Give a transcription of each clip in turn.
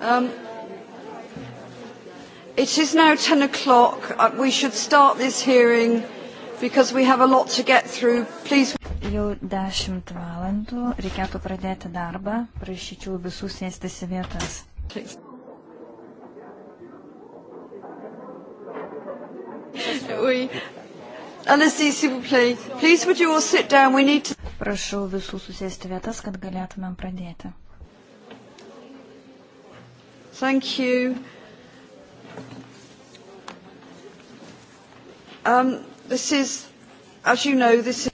Um, it is now 10 o'clock. Uh, we should start this hearing because we have a lot to get through. Please. Jau 10 valandų reikėtų pradėti darbą. Prašyčiau visus sėstis į vietas. Please. Prašau visų susėsti vietas, kad galėtumėm pradėti. Thank you. Um, this is, as you know, this is...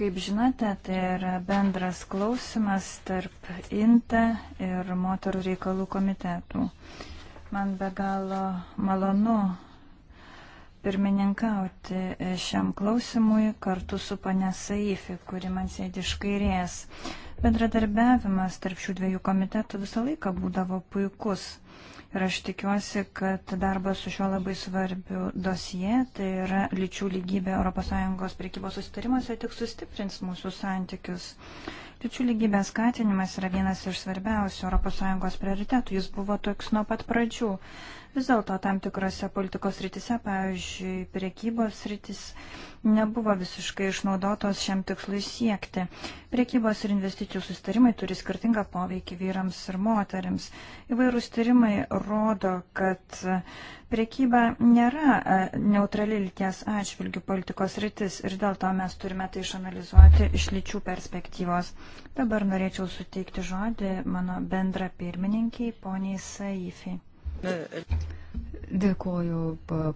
Kaip žinote, tai yra bendras klausimas tarp INTA ir moterų reikalų komitetų. Man be galo malonu pirmininkauti šiam klausimui kartu su pane Saifi, kuri man sėdi iš kairės. Bendradarbiavimas tarp šių dviejų komitetų visą laiką būdavo puikus. Ir aš tikiuosi, kad darbas su šiuo labai svarbiu dosie, tai yra lyčių lygybė ES priekybos susitarimuose, tik sustiprins mūsų santykius. Lyčių lygybės skatinimas yra vienas iš svarbiausių ES prioritetų. Jis buvo toks nuo pat pradžių. Vis dėlto tam tikrose politikos rytise, pavyzdžiui, priekybos rytis, nebuvo visiškai išnaudotos šiam tikslui siekti. Priekybos ir investicijų susitarimai turi skirtingą poveikį vyrams ir moteriams. Įvairūs tyrimai tyrimai rodo, kad priekyba nėra e, neutrali lyties atžvilgių politikos rytis ir dėl to mes turime tai išanalizuoti iš lyčių perspektyvos. Dabar norėčiau suteikti žodį mano bendra pirmininkiai, poniai Saifi. Dėkuoju,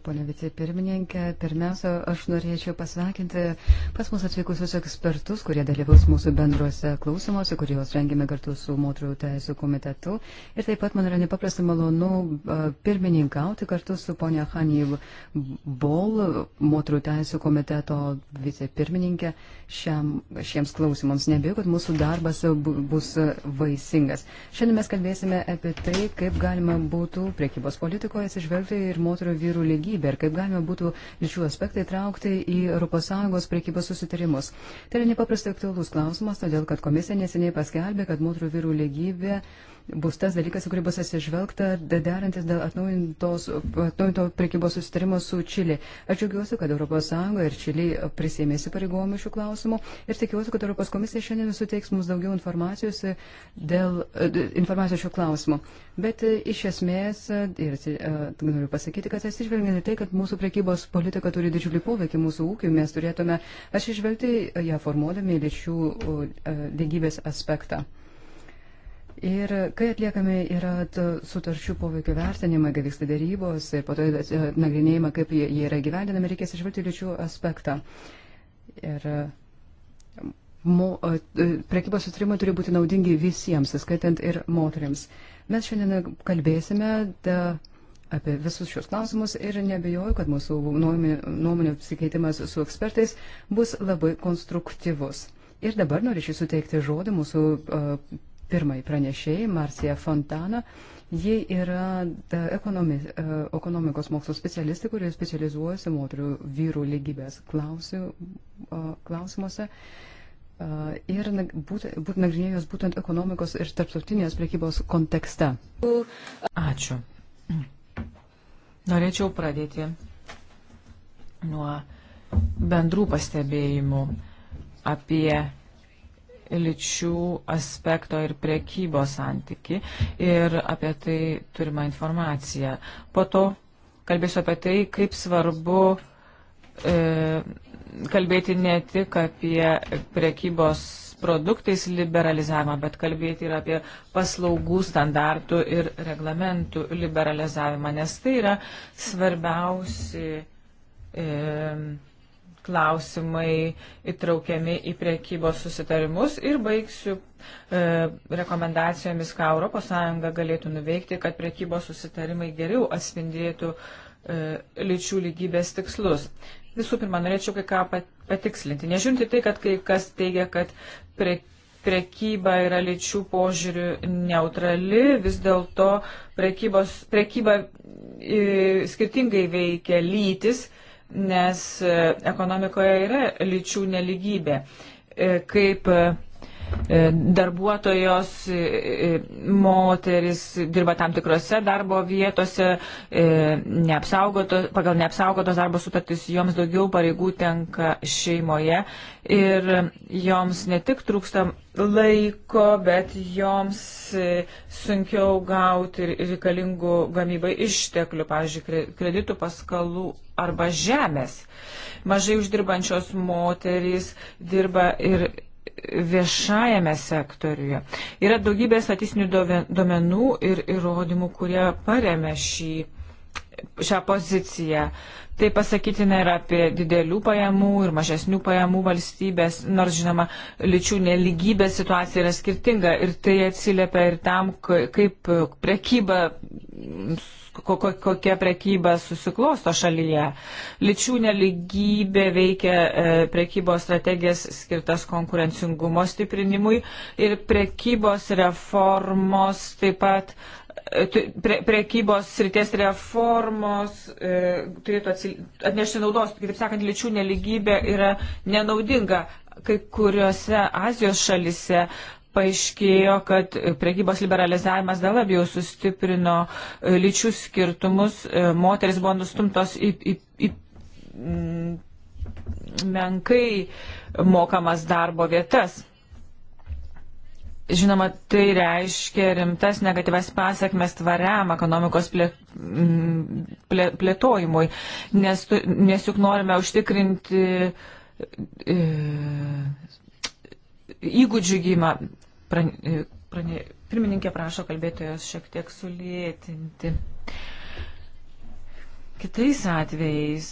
ponia vicepirmininkė. Pirmiausia, aš norėčiau pasveikinti pas mus atvykusius ekspertus, kurie dalyvaus mūsų bendruose klausimuose, kuriuos rengėme kartu su moterų teisų komitetu. Ir taip pat man yra nepaprastai malonu pirmininkauti kartu su ponia Hany Bol, moterų teisų komiteto vicepirmininkė, šiam, šiems klausimams. Nebėjau, kad mūsų darbas bus vaisingas. Šiandien mes kalbėsime apie tai, kaip galima būtų priekybos politikoje turime atsižvelgti ir moterų vyrų lygybę ir kaip galima būtų lyčių aspektai traukti į ES priekybos susitarimus. Tai yra nepaprastai aktualus klausimas, todėl kad komisija neseniai paskelbė, kad moterų vyrų lygybė bus tas dalykas, kurį bus atsižvelgta derantis dėl atnaujinto priekybos susitarimo su Čilė. Aš džiaugiuosi, kad ES ir Čilė prisėmėsi pareigojimų šių klausimų ir tikiuosi, kad Europos komisija šiandien suteiks mums daugiau informacijos e, dėl e, informacijos šių klausimų. Bet e, iš esmės ir noriu pasakyti, kad atsižvelgiant į tai, kad mūsų prekybos politika turi didžiulį poveikį mūsų ūkiui, mes turėtume atsižvelgti ją formuodami lyčių e, lygybės aspektą. Ir kai atliekami yra sutarčių poveikio vertinimai, kai vyksta dėrybos ir po to e, nagrinėjimą, kaip jie yra gyvendinami, reikės išvelgti lyčių aspektą. Ir mo, e, prekybos sutarimai turi būti naudingi visiems, skaitant ir moteriams. Mes šiandien kalbėsime. Da, de apie visus šios klausimus ir nebejoju, kad mūsų nuomonė apsikeitimas su ekspertais bus labai konstruktyvus. Ir dabar norėčiau suteikti žodį mūsų uh, pirmai pranešėjai, Marcija Fontana. Ji yra ekonomi, uh, ekonomikos mokslo specialistė, kurie specializuojasi moterių vyrų lygybės klausiu, uh, klausimuose. Ir būt, būt nagrinėjus būtent ekonomikos ir tarptautinės priekybos kontekste. Ačiū. Norėčiau pradėti nuo bendrų pastebėjimų apie lyčių aspekto ir priekybos santyki ir apie tai turimą informaciją. Po to kalbėsiu apie tai, kaip svarbu e, kalbėti ne tik apie priekybos produktais liberalizavimą, bet kalbėti ir apie paslaugų standartų ir reglamentų liberalizavimą, nes tai yra svarbiausi e, klausimai įtraukiami į priekybos susitarimus ir baigsiu e, rekomendacijomis, ką ES galėtų nuveikti, kad priekybos susitarimai geriau atspindėtų e, lyčių lygybės tikslus. Visų pirma, norėčiau kai ką patikslinti. Nežiūrinti tai, kad kai kas teigia, kad pre, prekyba yra lyčių požiūrių neutrali, vis dėlto prekyba e, skirtingai veikia lytis, nes e, ekonomikoje yra lyčių neligybė. E, kaip E, darbuotojos, e, e, moteris dirba tam tikrose darbo vietose, neapsaugoto, pagal neapsaugotos darbo sutartys joms daugiau pareigų tenka šeimoje ir joms ne tik trūksta laiko, bet joms sunkiau gauti reikalingų gamybai išteklių, pavyzdžiui, kreditų paskalų arba žemės. Mažai uždirbančios moterys dirba ir viešajame sektoriuje. Yra daugybė statistinių duomenų ir įrodymų, kurie paremia šį, šią poziciją. Tai pasakytina ir apie didelių pajamų ir mažesnių pajamų valstybės, nors žinoma, lyčių neligybės situacija yra skirtinga ir tai atsiliepia ir tam, kaip prekyba kokia prekyba susiklosto šalyje. Ličių neligybė veikia e, prekybos strategijas skirtas konkurencingumo stiprinimui ir prekybos reformos taip pat e, pre, prekybos srities reformos e, turėtų atsil, atnešti naudos, kitaip sakant, lyčių neligybė yra nenaudinga. Kai kuriuose Azijos šalise paaiškėjo, kad priekybos liberalizavimas dar labiau sustiprino e, lyčių skirtumus, e, moteris buvo nustumtos į, į, į mm, menkai mokamas darbo vietas. Žinoma, tai reiškia rimtas negatyvas pasiekmes tvariam ekonomikos plė, mm, plė, plėtojimui, nes, nes juk norime užtikrinti e, įgūdžių gymą, prane, prane, pirmininkė prašo kalbėtojos šiek tiek sulėtinti. Kitais atvejais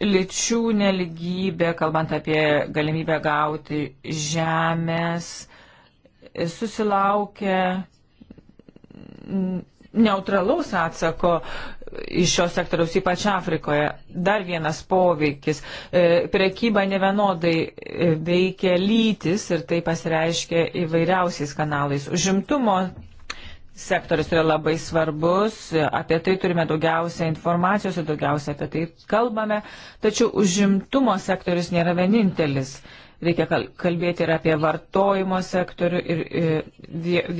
lyčių neligybė, kalbant apie galimybę gauti žemės, susilaukia neutralaus atsako iš šios sektoriaus, ypač Afrikoje. Dar vienas poveikis. E, prekyba nevenodai e, veikia lytis ir tai pasireiškia įvairiausiais kanalais. Užimtumo sektorius yra labai svarbus, apie tai turime daugiausia informacijos ir daugiausia apie tai kalbame, tačiau užimtumo sektorius nėra vienintelis. Reikia kalbėti ir apie vartojimo sektorių ir e,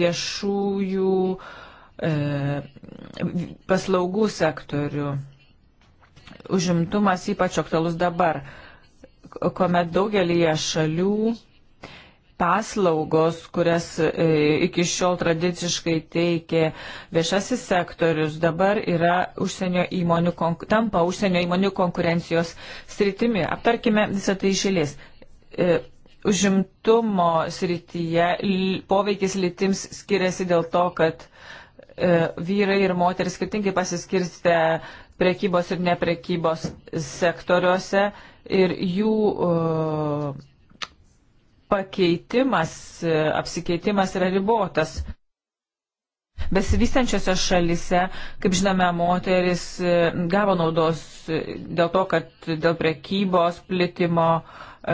viešųjų uh, E, paslaugų sektorių. Užimtumas ypač aktualus dabar, kuomet daugelį šalių paslaugos, kurias e, iki šiol tradiciškai teikė viešasis sektorius, dabar yra užsienio įmonių, tampa užsienio įmonių konkurencijos sritimi. Aptarkime visą tai išėlės e, užimtumo srityje poveikis lytims skiriasi dėl to, kad E, vyrai ir moteris skirtingai pasiskirstę prekybos ir neprekybos sektoriuose ir jų e, pakeitimas, e, apsikeitimas yra ribotas. Besivystančiose šalise, kaip žinome, moteris e, gavo naudos e, dėl to, kad dėl prekybos plitimo e,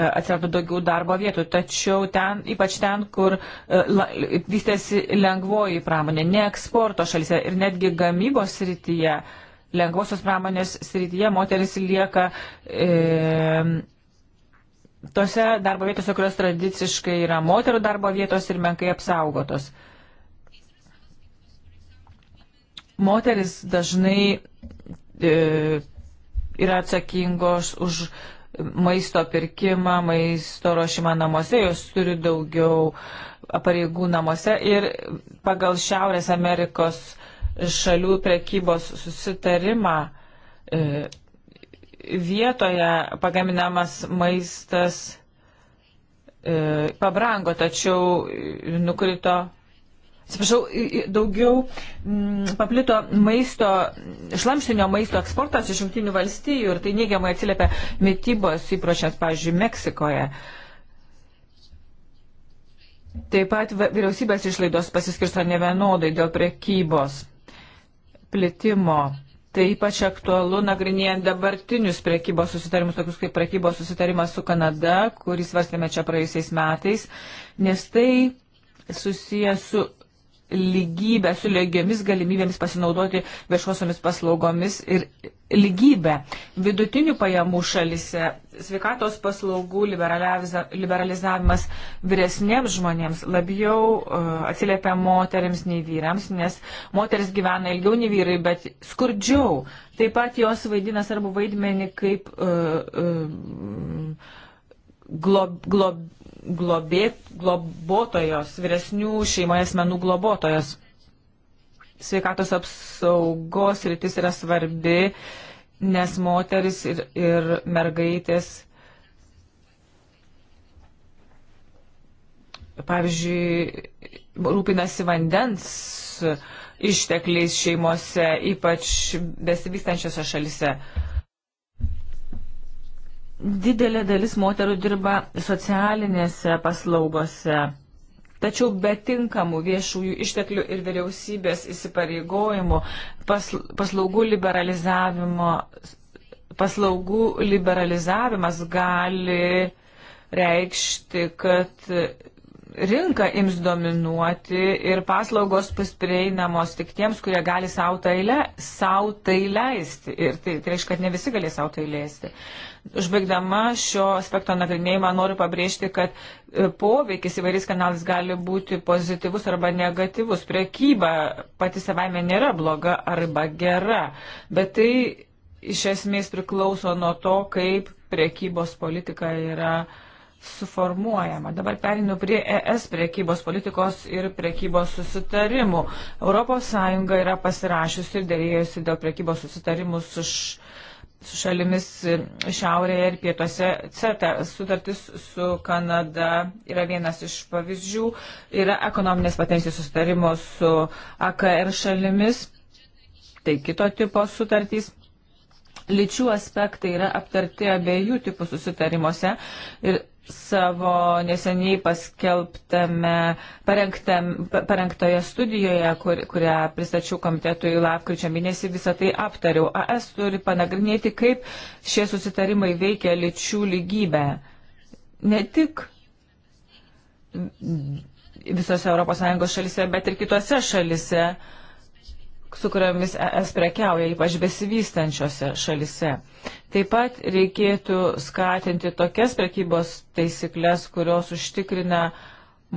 atsirado daugiau darbo vietų, tačiau ten, ypač ten, kur vystėsi lengvoji pramonė, ne eksporto šalise ir netgi gamybos srityje, lengvosios pramonės srityje moteris lieka. E, Tose darbo vietose, kurios tradiciškai yra moterų darbo vietos ir menkai apsaugotos. Uh, moteris dažnai e, yra atsakingos už maisto pirkimą, maisto ruošimą namuose, jos turi daugiau pareigų namuose ir pagal Šiaurės Amerikos šalių prekybos susitarimą e, vietoje pagaminamas maistas e, pabrango, tačiau nukrito atsiprašau, daugiau m, mm, paplito maisto, šlamštinio maisto eksportas iš jungtinių valstijų ir tai neigiamai atsiliepia mytybos įpročiams, pavyzdžiui, Meksikoje. Taip pat vyriausybės išlaidos pasiskirsto nevienodai dėl prekybos plitimo. Tai ypač aktualu nagrinėjant dabartinius prekybos susitarimus, tokius kaip prekybos susitarimas su Kanada, kurį svarstėme čia praėjusiais metais, nes tai susijęs su lygybę su lygiomis galimybėmis pasinaudoti viešuosiomis paslaugomis ir lygybę. Vidutinių pajamų šalise sveikatos paslaugų liberalizavimas vyresniems žmonėms labiau uh, atsiliepia moteriams nei vyrams, nes moteris gyvena ilgiau nei vyrai, bet skurdžiau. Taip pat jos vaidina svarbu vaidmenį kaip uh, e, uh, e, glob, glob, globėt, globotojos, vyresnių šeimoje asmenų globotojos. Sveikatos apsaugos rytis yra svarbi, nes moteris ir, ir mergaitės, pavyzdžiui, rūpinasi vandens ištekliais šeimose, ypač besivystančiose šalise. Uh, Didelė dalis moterų dirba socialinėse paslaugose. Tačiau be tinkamų viešųjų išteklių ir vyriausybės įsipareigojimų paslaugų liberalizavimo paslaugų liberalizavimas gali reikšti, kad rinka ims dominuoti ir paslaugos bus prieinamos tik tiems, kurie gali savo tai, le, tai leisti. Ir tai, tai reiškia, kad ne visi gali savo tai leisti. Užbaigdama šio aspekto nagrinėjimą noriu pabrėžti, kad e, poveikis įvairiais kanalais gali būti pozityvus arba negatyvus. Prekyba pati savaime nėra bloga arba gera, bet tai iš esmės priklauso nuo to, kaip prekybos politika yra suformuojama. Dabar perinu prie ES priekybos politikos ir priekybos susitarimų. ES yra pasirašiusi ir dėrėjusi dėl priekybos susitarimų su, š, su šalimis šiaurėje ir pietuose. CETA sutartis su Kanada yra vienas iš pavyzdžių. Yra ekonominės patencijos sustarimo su AKR šalimis. Tai kito tipo sutartys. Lyčių aspektai yra aptarti abiejų tipų susitarimuose ir savo neseniai paskelbtame, parengtoje studijoje, kur, kurią pristačiau komitetui lapkričio mėnesį, visą tai aptariau. AS turi panagrinėti, kaip šie susitarimai veikia lyčių lygybę. Ne tik visose ES šalise, bet ir kitose šalise. Uh, su kuriomis ES prekiauja, ypač besivystančiose šalise. Taip pat reikėtų skatinti tokias prekybos taisyklės, kurios užtikrina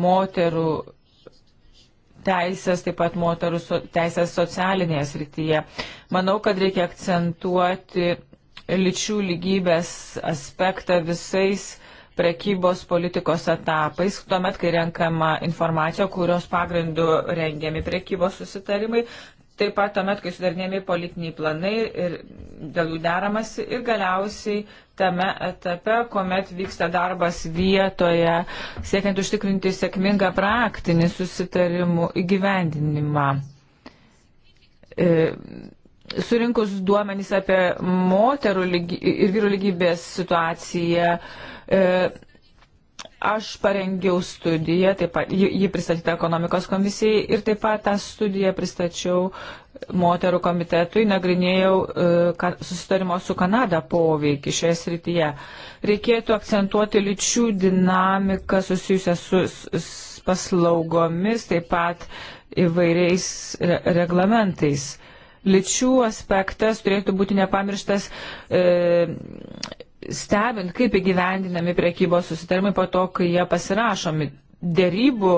moterų teisės, taip pat moterų so, teisės socialinėje srityje. Manau, kad reikia akcentuoti lyčių lygybės aspektą visais prekybos politikos etapais, tuomet, kai renkama informacija, kurios pagrindu rengiami prekybos susitarimai, taip pat tuomet, kai sudarnėmi politiniai planai ir dėl jų deramasi ir galiausiai tame etape, kuomet vyksta darbas vietoje, siekiant užtikrinti sėkmingą praktinį susitarimų įgyvendinimą. E, surinkus duomenys apie moterų lygi, ir vyrų lygybės situaciją, e, Aš parengiau studiją, taip pat jį pristatyta ekonomikos komisijai ir taip pat tą studiją pristačiau moterų komitetui, nagrinėjau e, susitarimo su Kanada poveikį šioje srityje. Reikėtų akcentuoti lyčių dinamiką susijusią su, su paslaugomis, taip pat įvairiais re, reglamentais. Lyčių aspektas turėtų būti nepamirštas. E, stebint, kaip įgyvendinami priekybos susitarimai po to, kai jie pasirašomi. Dėrybų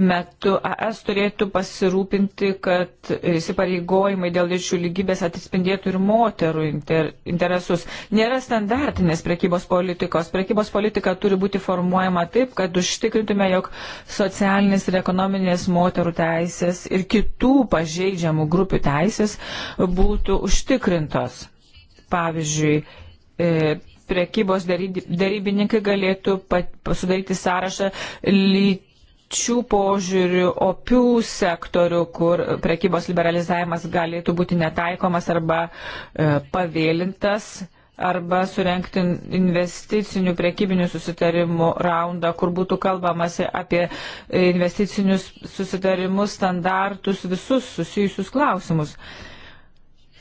metu AS turėtų pasirūpinti, kad įsipareigojimai dėl lyčių lygybės atspindėtų ir moterų inter, interesus. Nėra standartinės priekybos politikos. Priekybos politika turi būti formuojama taip, kad užtikrintume, jog socialinės ir ekonominės moterų teisės ir kitų pažeidžiamų grupių teisės būtų užtikrintos. Pavyzdžiui, e, prekybos darybininkai galėtų sudaryti sąrašą lyčių požiūrių opių sektorių, kur prekybos liberalizavimas galėtų būti netaikomas arba e, pavėlintas arba surenkti investicinių prekybinių susitarimų raundą, kur būtų kalbamasi apie investicinius susitarimus, standartus, visus susijusius klausimus. E,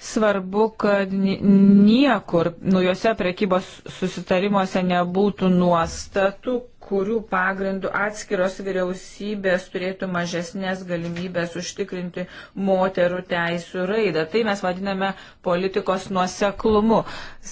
Svarbu, kad niekur naujose prekybos susitarimuose nebūtų nuostatų, kurių pagrindų atskiros vyriausybės turėtų mažesnės galimybės užtikrinti moterų teisų raidą. Tai mes vadiname politikos nuoseklumu.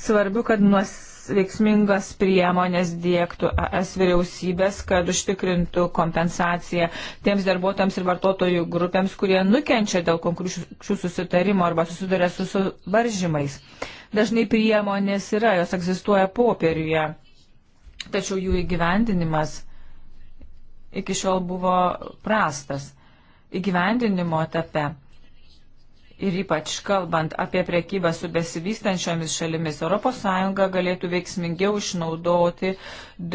Svarbu, kad nuoseklumu veiksmingas priemonės dėktų ES vyriausybės, kad užtikrintų kompensaciją tiems darbuotojams ir vartotojų grupėms, kurie nukenčia dėl konkrečių susitarimo arba susiduria su suvaržymais. Dažnai priemonės yra, jos egzistuoja popieriuje, tačiau jų įgyvendinimas iki šiol buvo prastas. Įgyvendinimo etape ir ypač kalbant apie prekybą su besivystančiomis šalimis, ES galėtų veiksmingiau išnaudoti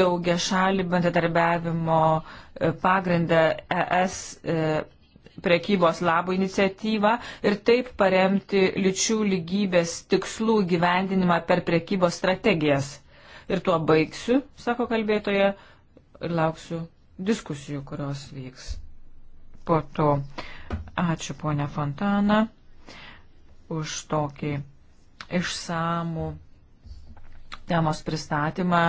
daugia šalį bendradarbiavimo e, pagrindą ES e, prekybos labo iniciatyvą ir taip paremti lyčių lygybės tikslų gyvendinimą per prekybos strategijas. Ir tuo baigsiu, sako kalbėtoje, ir lauksiu diskusijų, kurios vyks po to. Ačiū, ponia Fontana už tokį išsamų temos pristatymą.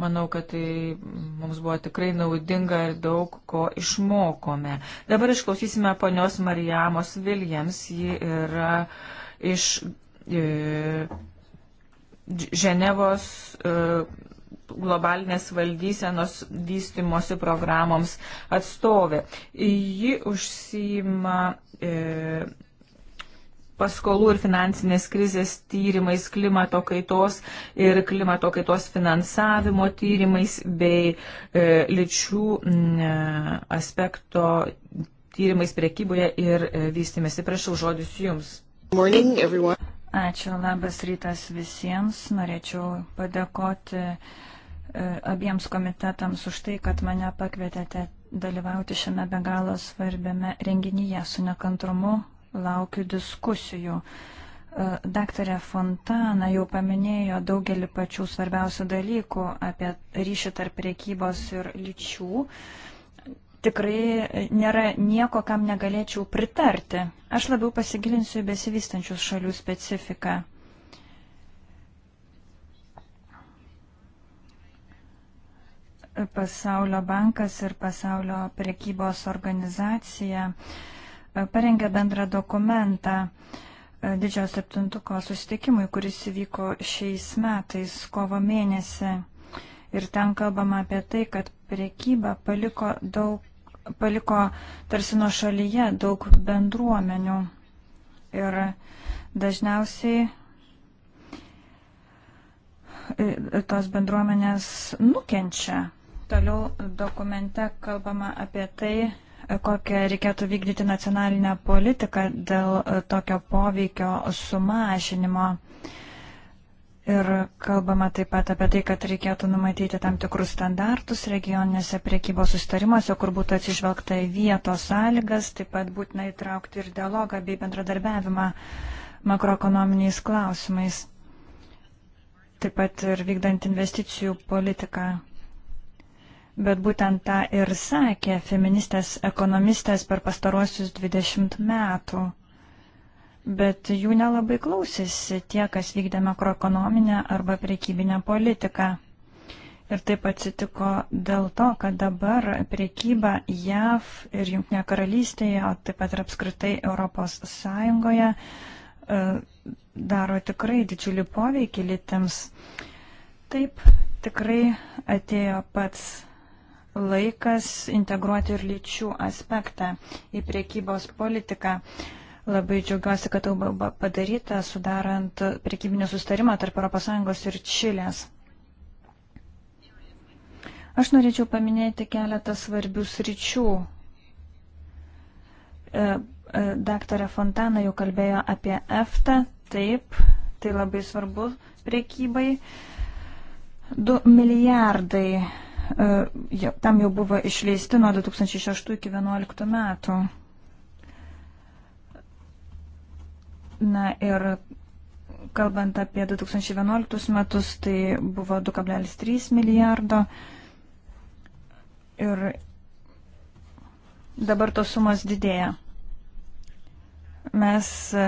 Manau, kad tai mums buvo tikrai naudinga ir daug ko išmokome. Dabar išklausysime ponios Marijamos Viljams. Ji yra iš e, Ženevos e, globalinės valdysenos vystimosi programoms atstovė. Ji užsima. E, paskolų ir finansinės krizės tyrimais, klimato kaitos ir klimato kaitos finansavimo tyrimais bei e, lyčių e, aspekto tyrimais priekyboje ir e, vystimėsi. Prašau, žodis jums. Morning, everyone. Ačiū, labas rytas visiems. Norėčiau padėkoti e, abiems komitetams už tai, kad mane pakvietėte dalyvauti šiame be galo svarbiame renginyje. Su nekantrumu laukiu diskusijų. E, daktarė Fontana jau paminėjo daugelį pačių svarbiausių dalykų apie ryšį tarp priekybos ir lyčių. Tikrai nėra nieko, kam negalėčiau pritarti. Aš labiau pasigilinsiu į besivystančius šalių specifiką. Pasaulio bankas ir pasaulio priekybos organizacija uh, parengė bendrą dokumentą e, didžiojo septintuko susitikimui, kuris įvyko šiais metais kovo mėnesį. Ir ten kalbama apie tai, kad priekyba paliko, daug, paliko tarsi nuo šalyje daug bendruomenių. Ir dažniausiai e, tos bendruomenės nukenčia. Toliau dokumente kalbama apie tai, kokią reikėtų vykdyti nacionalinę politiką dėl e, tokio poveikio sumažinimo. Ir kalbama taip pat apie tai, kad reikėtų numatyti tam tikrus standartus regioninėse priekybos sustarimuose, kur būtų atsižvelgta į vietos sąlygas, taip pat būtina įtraukti ir dialogą bei bendradarbiavimą makroekonominiais klausimais, taip pat ir vykdant investicijų politiką bet būtent tą ir sakė feministės ekonomistės per pastaruosius 20 metų. Bet jų nelabai klausėsi tie, kas vykdė makroekonominę arba priekybinę politiką. Ir taip atsitiko dėl to, kad dabar priekyba JAV ir Junktinė karalystėje, o taip pat ir apskritai Europos Sąjungoje e, daro tikrai didžiulį poveikį lytims. Taip, tikrai atėjo pats laikas integruoti ir lyčių aspektą į priekybos politiką. Labai džiaugiuosi, kad tai buvo padaryta, sudarant priekybinį sustarimą tarp ES ir Čilės. Aš norėčiau paminėti keletą svarbių sričių. E, e, daktarė Fontana jau kalbėjo apie EFTA, taip, tai labai svarbu priekybai. 2 milijardai E, tam jau buvo išleisti nuo 2006 iki 2011 metų. Na ir kalbant apie 2011 metus, tai buvo 2,3 milijardo. Ir dabar tos sumos didėja. Mes e,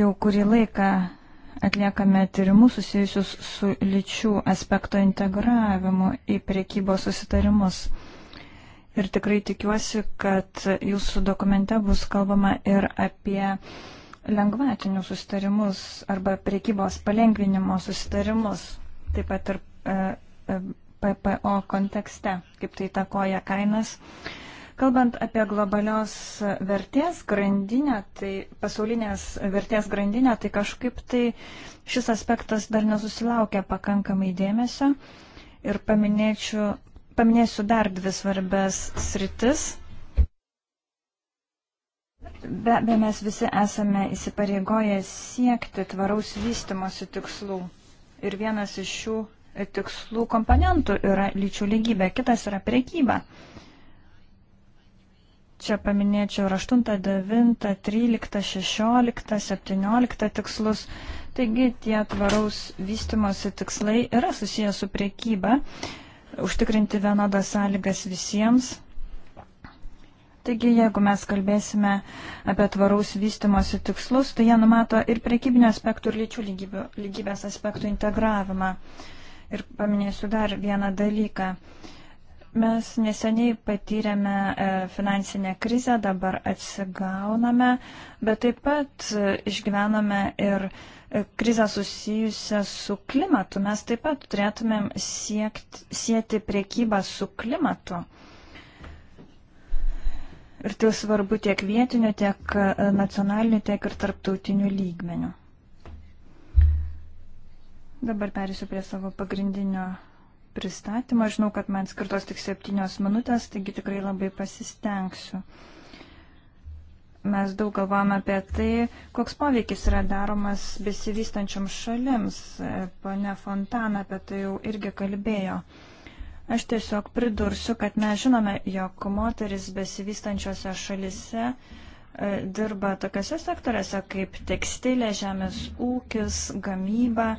jau kurį laiką atliekame tyrimus susijusius su lyčių aspekto integravimu į priekybos susitarimus. Ir tikrai tikiuosi, kad jūsų dokumente bus kalbama ir apie lengvatinių susitarimus arba priekybos palengvinimo susitarimus, taip pat ir e, e, PPO kontekste, kaip tai takoja kainas. E, Kalbant apie globalios vertės grandinę, tai pasaulinės vertės grandinę, tai kažkaip tai šis aspektas dar nesusilaukia pakankamai dėmesio. Ir paminėčiau, paminėsiu dar dvi svarbės sritis. Be abejo, mes visi esame įsipareigoję siekti tvaraus vystimosi tikslų. Ir vienas iš šių tikslų komponentų yra lyčių lygybė, kitas yra priekyba. Čia paminėčiau ir 8, 9, 13, 16, 17 tikslus. Taigi tie tvaraus vystimosi tikslai yra susijęs su priekyba, užtikrinti vienodas sąlygas visiems. Taigi, jeigu mes kalbėsime apie tvaraus vystimosi tikslus, tai jie numato ir priekybinio aspektų, ir lyčių lygybės aspektų integravimą. Ir paminėsiu dar vieną dalyką. Uh, Mes neseniai patyrėme e, finansinę krizę, dabar atsigauname, bet taip pat e, išgyvename ir e, krizę susijusią su klimatu. Mes taip pat turėtumėm siekti, sieti priekybą su klimatu. Ir tai svarbu tiek vietiniu, tiek nacionaliniu, tiek ir tarptautiniu lygmeniu. Dabar perėsiu prie savo pagrindinio pristatymą. Žinau, kad man skirtos tik septynios minutės, taigi tikrai labai pasistengsiu. Mes daug galvojame apie tai, koks poveikis yra daromas besivystančiam šalims. Pane Fontana apie tai jau irgi kalbėjo. Aš tiesiog pridursiu, kad mes žinome, jog moteris besivystančiose šalise e, dirba tokiuose sektoriuose kaip tekstilė, žemės ūkis, gamyba,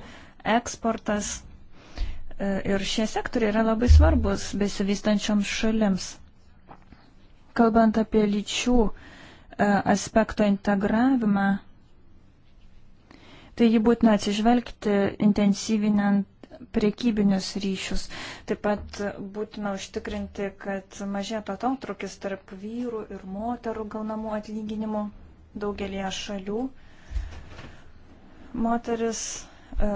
eksportas ir šie sektoriai yra labai svarbus besivystančioms šalims. Kalbant apie lyčių e, aspekto integravimą, tai jį būtina atsižvelgti intensyvinant priekybinius ryšius. Taip pat būtina užtikrinti, kad mažėtų atotrukis tarp vyrų ir moterų gaunamų atlyginimų daugelie šalių. Moteris e,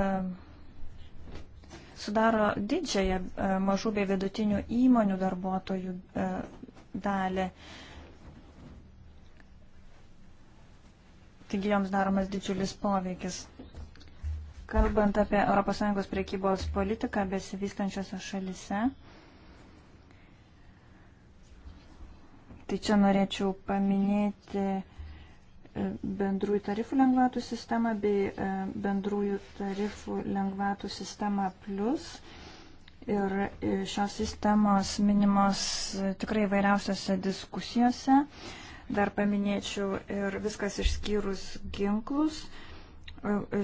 sudaro didžiąją e, mažų bei vidutinių įmonių darbuotojų e, dalį. Taigi joms daromas didžiulis poveikis. Kalbant apie ES priekybos politiką besivystančiose šalise, tai čia norėčiau paminėti E, bendrųjų tarifų lengvatų sistemą bei e, bendrųjų tarifų lengvatų sistemą plus. Ir e, šios sistemos minimos tikrai vairiausiose diskusijose. Dar paminėčiau ir viskas išskyrus ginklus.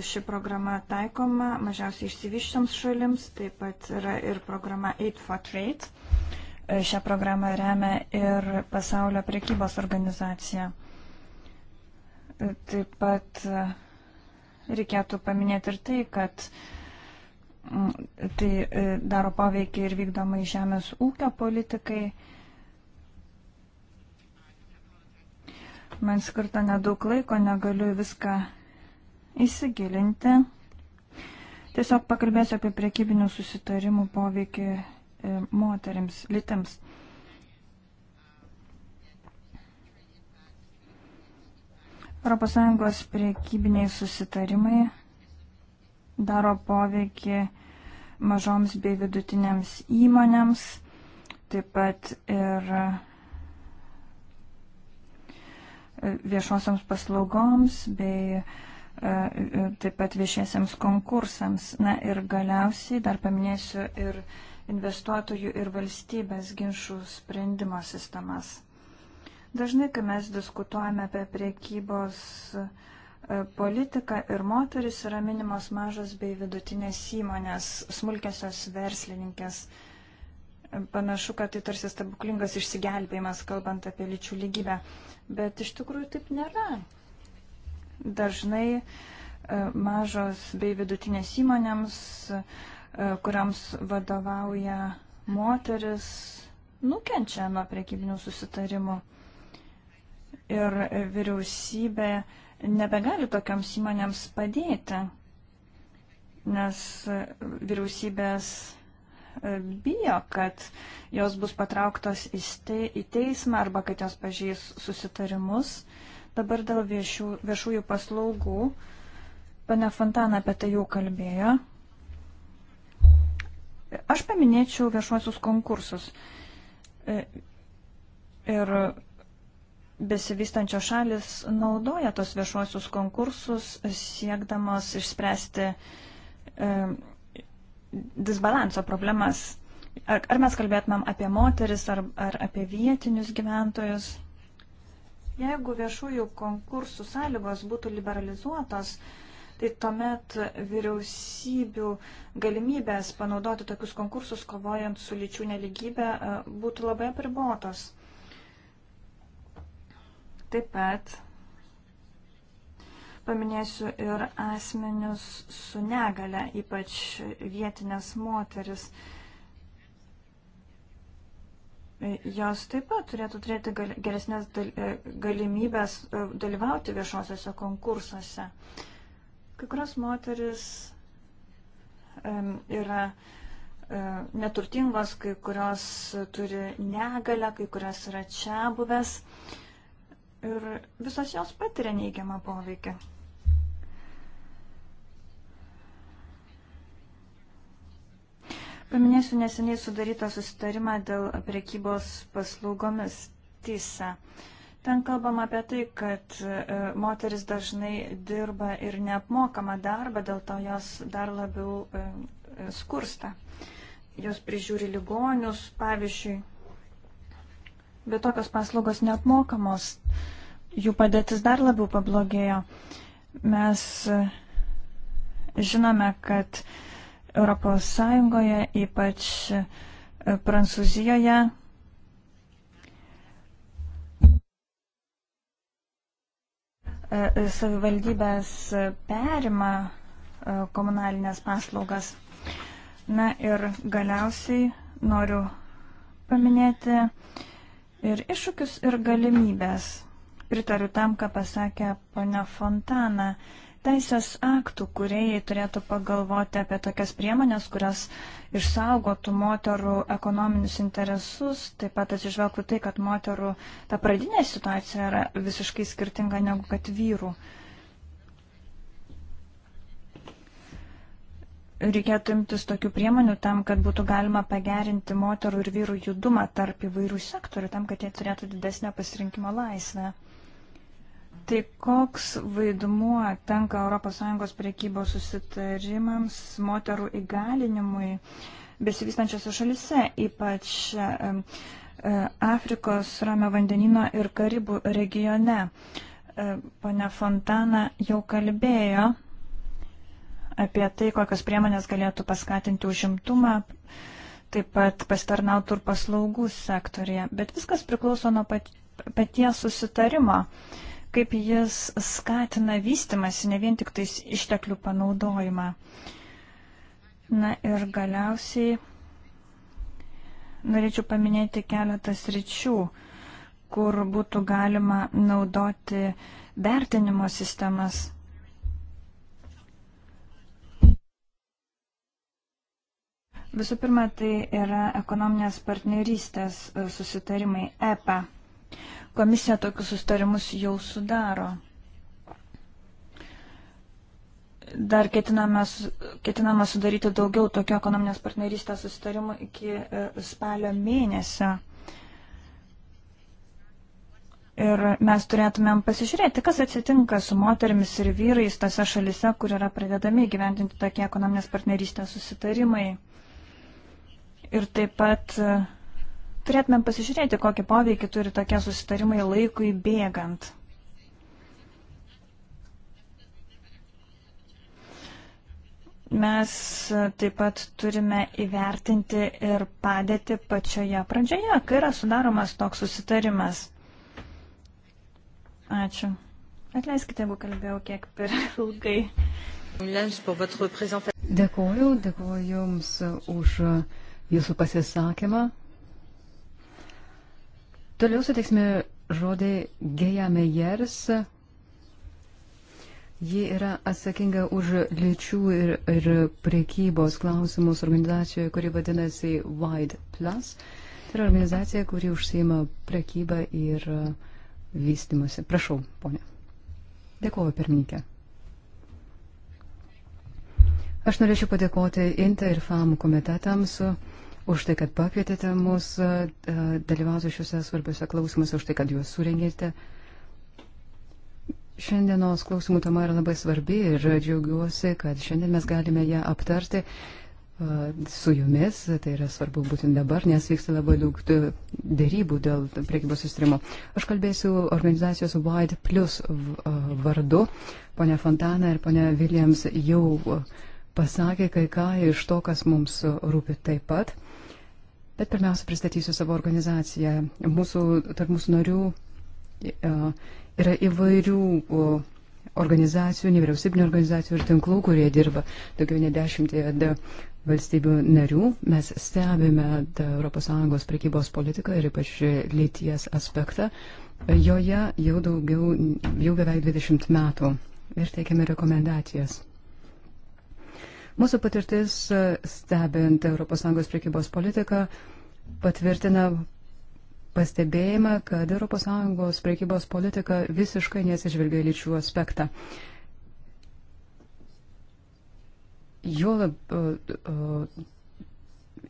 Ši programa taikoma mažiausiai išsivyščiams šalims, taip pat yra ir programa Aid for Trade. Šią programą remia ir pasaulio prekybos organizacija. Taip pat e, reikėtų paminėti ir tai, kad tai e, daro poveikį ir vykdomai žemės ūkio politikai. Man skirta nedaug laiko, negaliu viską įsigilinti. Tiesiog pakalbėsiu apie priekybinių susitarimų poveikį e, moteriams, lytims. ES priekybiniai susitarimai daro poveikį mažoms bei vidutinėms įmonėms, taip pat ir e, viešosioms paslaugoms bei e, e, taip pat viešiesiems konkursams. Na ir galiausiai dar paminėsiu ir investuotojų ir valstybės ginčių sprendimo sistemas. Dažnai, kai mes diskutuojame apie priekybos e, politiką ir moteris, yra minimos mažos bei vidutinės įmonės, smulkesios verslininkės. E, panašu, kad tai tarsi stebuklingas išsigelbėjimas, kalbant apie lyčių lygybę. Bet iš tikrųjų taip nėra. Dažnai e, mažos bei vidutinės įmonėms, kuriams vadovauja moteris, nukenčia nuo priekybinių susitarimų ir vyriausybė nebegali tokiams įmonėms padėti, nes vyriausybės e, bijo, kad jos bus patrauktos į teismą arba kad jos pažeis susitarimus. Dabar dėl viešių, viešųjų paslaugų, pane Fontana apie tai jau kalbėjo. Aš paminėčiau viešuosius konkursus. E, ir besivystančios šalis naudoja tos viešuosius konkursus siekdamos išspręsti e, disbalanso problemas. Ar, ar mes kalbėtumėm apie moteris ar, ar apie vietinius gyventojus? Jeigu viešųjų konkursų sąlygos būtų liberalizuotos, tai tuomet vyriausybių galimybės panaudoti tokius konkursus, kovojant su lyčių neligybė, e, būtų labai apribotos. Taip pat paminėsiu ir asmenius su negale, ypač vietinės moteris. Jos taip pat turėtų turėti geresnės e, galimybės e, dalyvauti viešosiuose konkursuose. Kai kurios moteris yra e, neturtingos, kai kurios turi negalę, kai kurios yra čia buvęs ir visos jos patiria neigiamą poveikį. Paminėsiu neseniai sudarytą susitarimą dėl prekybos paslaugomis TISA. Ten kalbam apie tai, kad e, moteris dažnai dirba ir neapmokama darbą, dėl to jos dar labiau e, skursta. Jos prižiūri ligonius, pavyzdžiui bet tokios paslaugos neapmokamos. Jų padėtis dar labiau pablogėjo. Mes e, žinome, kad ES, ypač e, Prancūzijoje, e, savivaldybės perima komunalinės paslaugas. Na ir galiausiai noriu paminėti ir iššūkius, ir galimybės. Pritariu tam, ką pasakė ponia Fontana. Teisės aktų, kurie turėtų pagalvoti apie tokias priemonės, kurios išsaugotų moterų ekonominius interesus, taip pat atsižvelgtų tai, kad moterų ta pradinė situacija yra visiškai skirtinga negu kad vyrų. Uh, reikėtų imtis tokių priemonių tam, kad būtų galima pagerinti moterų ir vyrų judumą tarp įvairių sektorių, tam, kad jie turėtų didesnę pasirinkimo laisvę. Tai koks vaidmuo tenka ES priekybos susitarimams moterų įgalinimui besivystančiose šalise, ypač e, Afrikos, Ramio vandenino ir Karibų regione? Pane Fontana jau kalbėjo apie tai, kokios priemonės galėtų paskatinti užimtumą, taip pat pasitarnautų ir paslaugų sektorija. Bet viskas priklauso nuo pat, paties susitarimo, kaip jis skatina vystimasi, ne vien tik tais išteklių panaudojimą. Na ir galiausiai norėčiau paminėti keletą sričių, kur būtų galima naudoti vertinimo sistemas Visų pirma, tai yra ekonominės partnerystės e, susitarimai EPA. Komisija tokius susitarimus jau sudaro. Dar ketiname, ketiname sudaryti daugiau tokio ekonominės partnerystės susitarimų iki e, spalio mėnesio. Ir mes turėtumėm pasižiūrėti, kas atsitinka su moterimis ir vyrais tose šalise, kur yra pradedami gyventinti tokie ekonominės partnerystės susitarimai. Ir taip pat e, turėtumėm pasižiūrėti, kokį poveikį turi tokie susitarimai laikui bėgant. Mes e, taip pat turime įvertinti ir padėti pačioje pradžioje, kai yra sudaromas toks susitarimas. Ačiū. Atleiskite, jeigu kalbėjau kiek per ilgai. Dėkuoju, dėkuoju Jums už. Uh, jūsų pasisakymą. Toliau suteiksime žodį Geja Mejers. Ji yra atsakinga už lyčių ir, ir priekybos klausimus organizacijoje, kuri vadinasi Wide Plus. Tai yra organizacija, kuri užsima priekybą ir vystimusi. Prašau, ponė. Dėkuoju, pirmininkė. Aš norėčiau padėkoti INTA ir FAM komitetams už tai, kad pakvietėte mus e, e, dalyvauti šiuose svarbiuose klausimuose, už tai, kad juos surengėte. Šiandienos klausimų tema yra labai svarbi ir džiaugiuosi, kad šiandien mes galime ją aptarti e, su jumis, tai yra svarbu būtent dabar, nes vyksta labai daug dėrybų dėl priekybos sustrimo. Aš kalbėsiu organizacijos Wide Plus vardu. Pone Fontana ir pone Williams jau pasakė kai ką iš to, kas mums rūpi taip pat. Bet pirmiausia, pristatysiu savo organizaciją. Mūsų, tarp mūsų narių e, e, yra įvairių organizacijų, nevyriausybinio organizacijų ir tinklų, kurie dirba daugiau nei dešimtėje valstybių narių. Mes stebime ES prekybos politiką ir ypač lyties aspektą. Joje jau daugiau, jau beveik 20 metų ir teikiame rekomendacijas. Mūsų patirtis e, stebint ES priekybos politiką patvirtina pastebėjimą, kad ES priekybos politika visiškai nesižvelgia lyčių aspektą. Jo lab, e, e,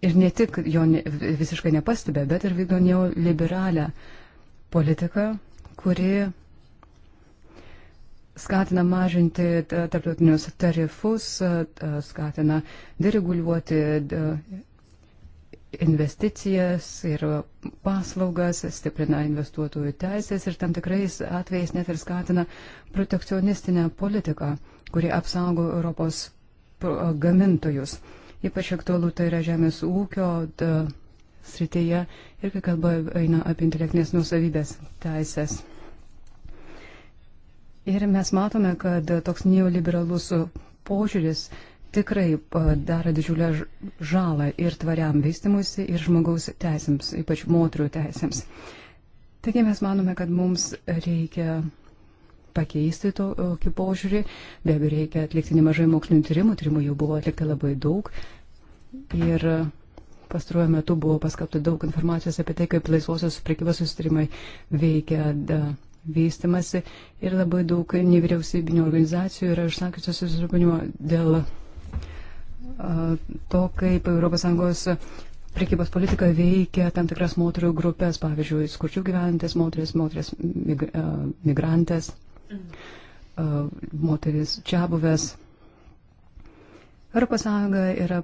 ir ne tik jo ne, visiškai nepastebė, bet ir vykdo neoliberalią politiką, kuri skatina mažinti tarptautinius tarifus, skatina dereguliuoti investicijas ir paslaugas, stiprina investuotojų teisės ir tam tikrais atvejais net ir skatina protekcionistinę politiką, kuri apsaugo Europos gamintojus. Ypač aktualu tai yra žemės ūkio srityje ir kai kalba eina apie intelektinės nusavybės teisės. Ir mes matome, kad toks neoliberalus požiūris tikrai e, daro didžiulę žalą ir tvariam vystimuisi, ir žmogaus teisėms, ypač moterų teisėms. Taigi mes manome, kad mums reikia pakeisti tokį požiūrį. Be abejo, reikia atlikti nemažai mokslinių tyrimų, tyrimų jau buvo atlikta labai daug. Ir pastaruoju metu buvo paskelbta daug informacijos apie tai, kaip laisvosios prekybos sustarimai veikia. Da, vystimasi ir labai daug nevyriausybinio organizacijų yra išsakiusi susirūpinimo dėl to, kaip ES prekybos politika veikia tam tikras moterų grupės, pavyzdžiui, skurčių gyvenantis moteris, moteris migrantės, moteris čia buvęs. Europos Sąjunga yra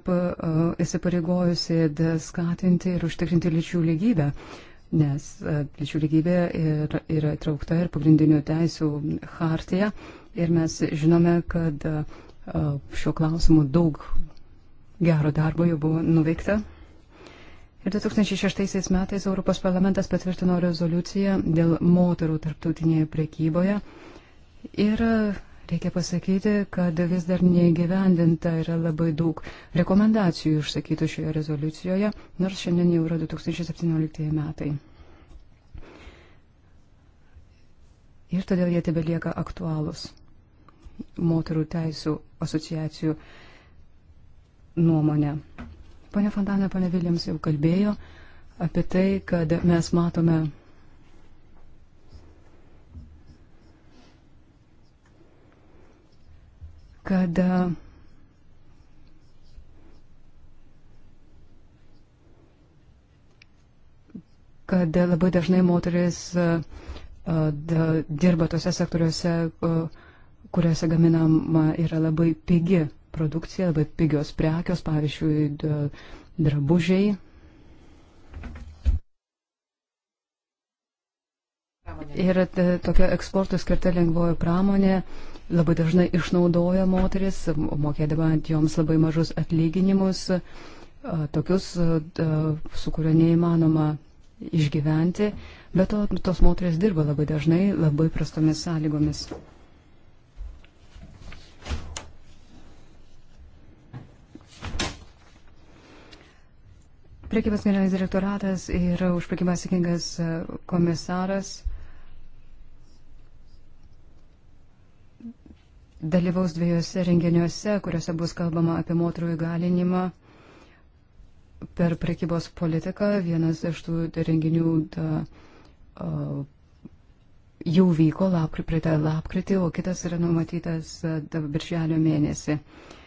įsipareigojusi skatinti ir užtikrinti lyčių lygybę. Uh, nes e, lyčių lygybė yra, yra traukta ir pagrindinių teisų hartija. Ir mes žinome, kad e, šiuo klausimu daug gero darbo jau buvo nuveikta. Ir 2006 metais Europos parlamentas patvirtino rezoliuciją dėl moterų tarptautinėje prekyboje. Ir Reikia pasakyti, kad vis dar neįgyvendinta yra labai daug rekomendacijų išsakytų šioje rezoliucijoje, nors šiandien jau yra 2017 metai. Ir todėl jie tebelieka aktualūs moterų teisų asociacijų nuomonė. Pane Fontanė, pane Viljams jau kalbėjo apie tai, kad mes matome kad e, kad labai dažnai moteris e, e, dirba tose sektoriuose, kuriuose gaminama yra labai pigi produkcija, labai pigios prekios, pavyzdžiui, drabužiai. Ir tokia eksportui skirta lengvoji pramonė. Uh, labai dažnai išnaudoja moteris, mokėdama joms labai mažus atlyginimus, e, tokius, e, su kuriuo neįmanoma išgyventi, bet to tos moteris dirba labai dažnai labai prastomis sąlygomis. Priekybos generalinis direktoratas ir už priekybą atsakingas e, komisaras dalyvaus dviejose renginiuose, kuriuose bus kalbama apie moterų įgalinimą per prekybos politiką. Vienas iš tų renginių da, a, jau vyko lapkritį, lapkritį, o kitas yra numatytas da, birželio mėnesį. A,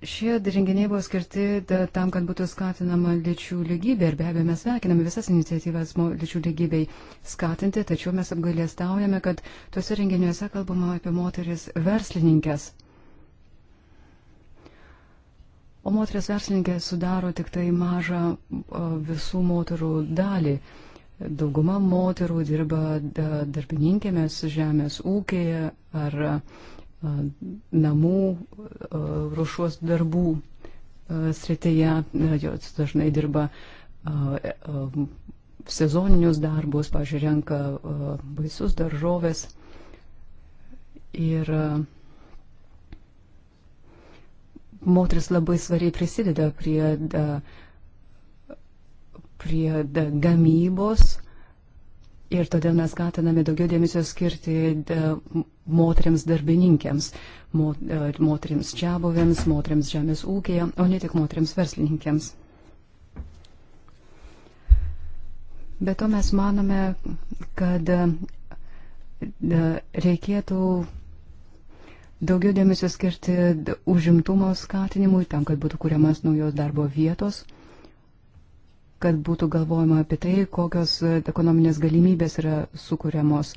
Šie renginiai buvo skirti da, tam, kad būtų skatinama lyčių lygybė ir be abejo mes sveikiname visas iniciatyvas lyčių lygybei skatinti, tačiau mes apgailėstaujame, kad tuose renginiuose kalbama apie moteris verslininkės. O moteris verslininkės sudaro tik tai mažą visų moterų dalį. Dauguma moterų dirba da, darbininkėmis žemės ūkėje ar namų ruošos darbų srityje, jos dažnai dirba e, sezoninius darbus, pažiūrenka baisus daržovės. Ir moteris labai svariai prisideda prie, da, prie da, gamybos Ir todėl mes skatiname daugiau dėmesio skirti e, moteriams darbininkėms, e, moteriams čiabovėms, moteriams žemės ūkėje, o ne tik moteriams verslininkėms. Be to mes manome, kad e, reikėtų daugiau dėmesio skirti užimtumo skatinimui, tam, kad būtų kuriamas naujos darbo vietos kad būtų galvojama apie tai, kokios e, ekonominės galimybės yra sukūriamos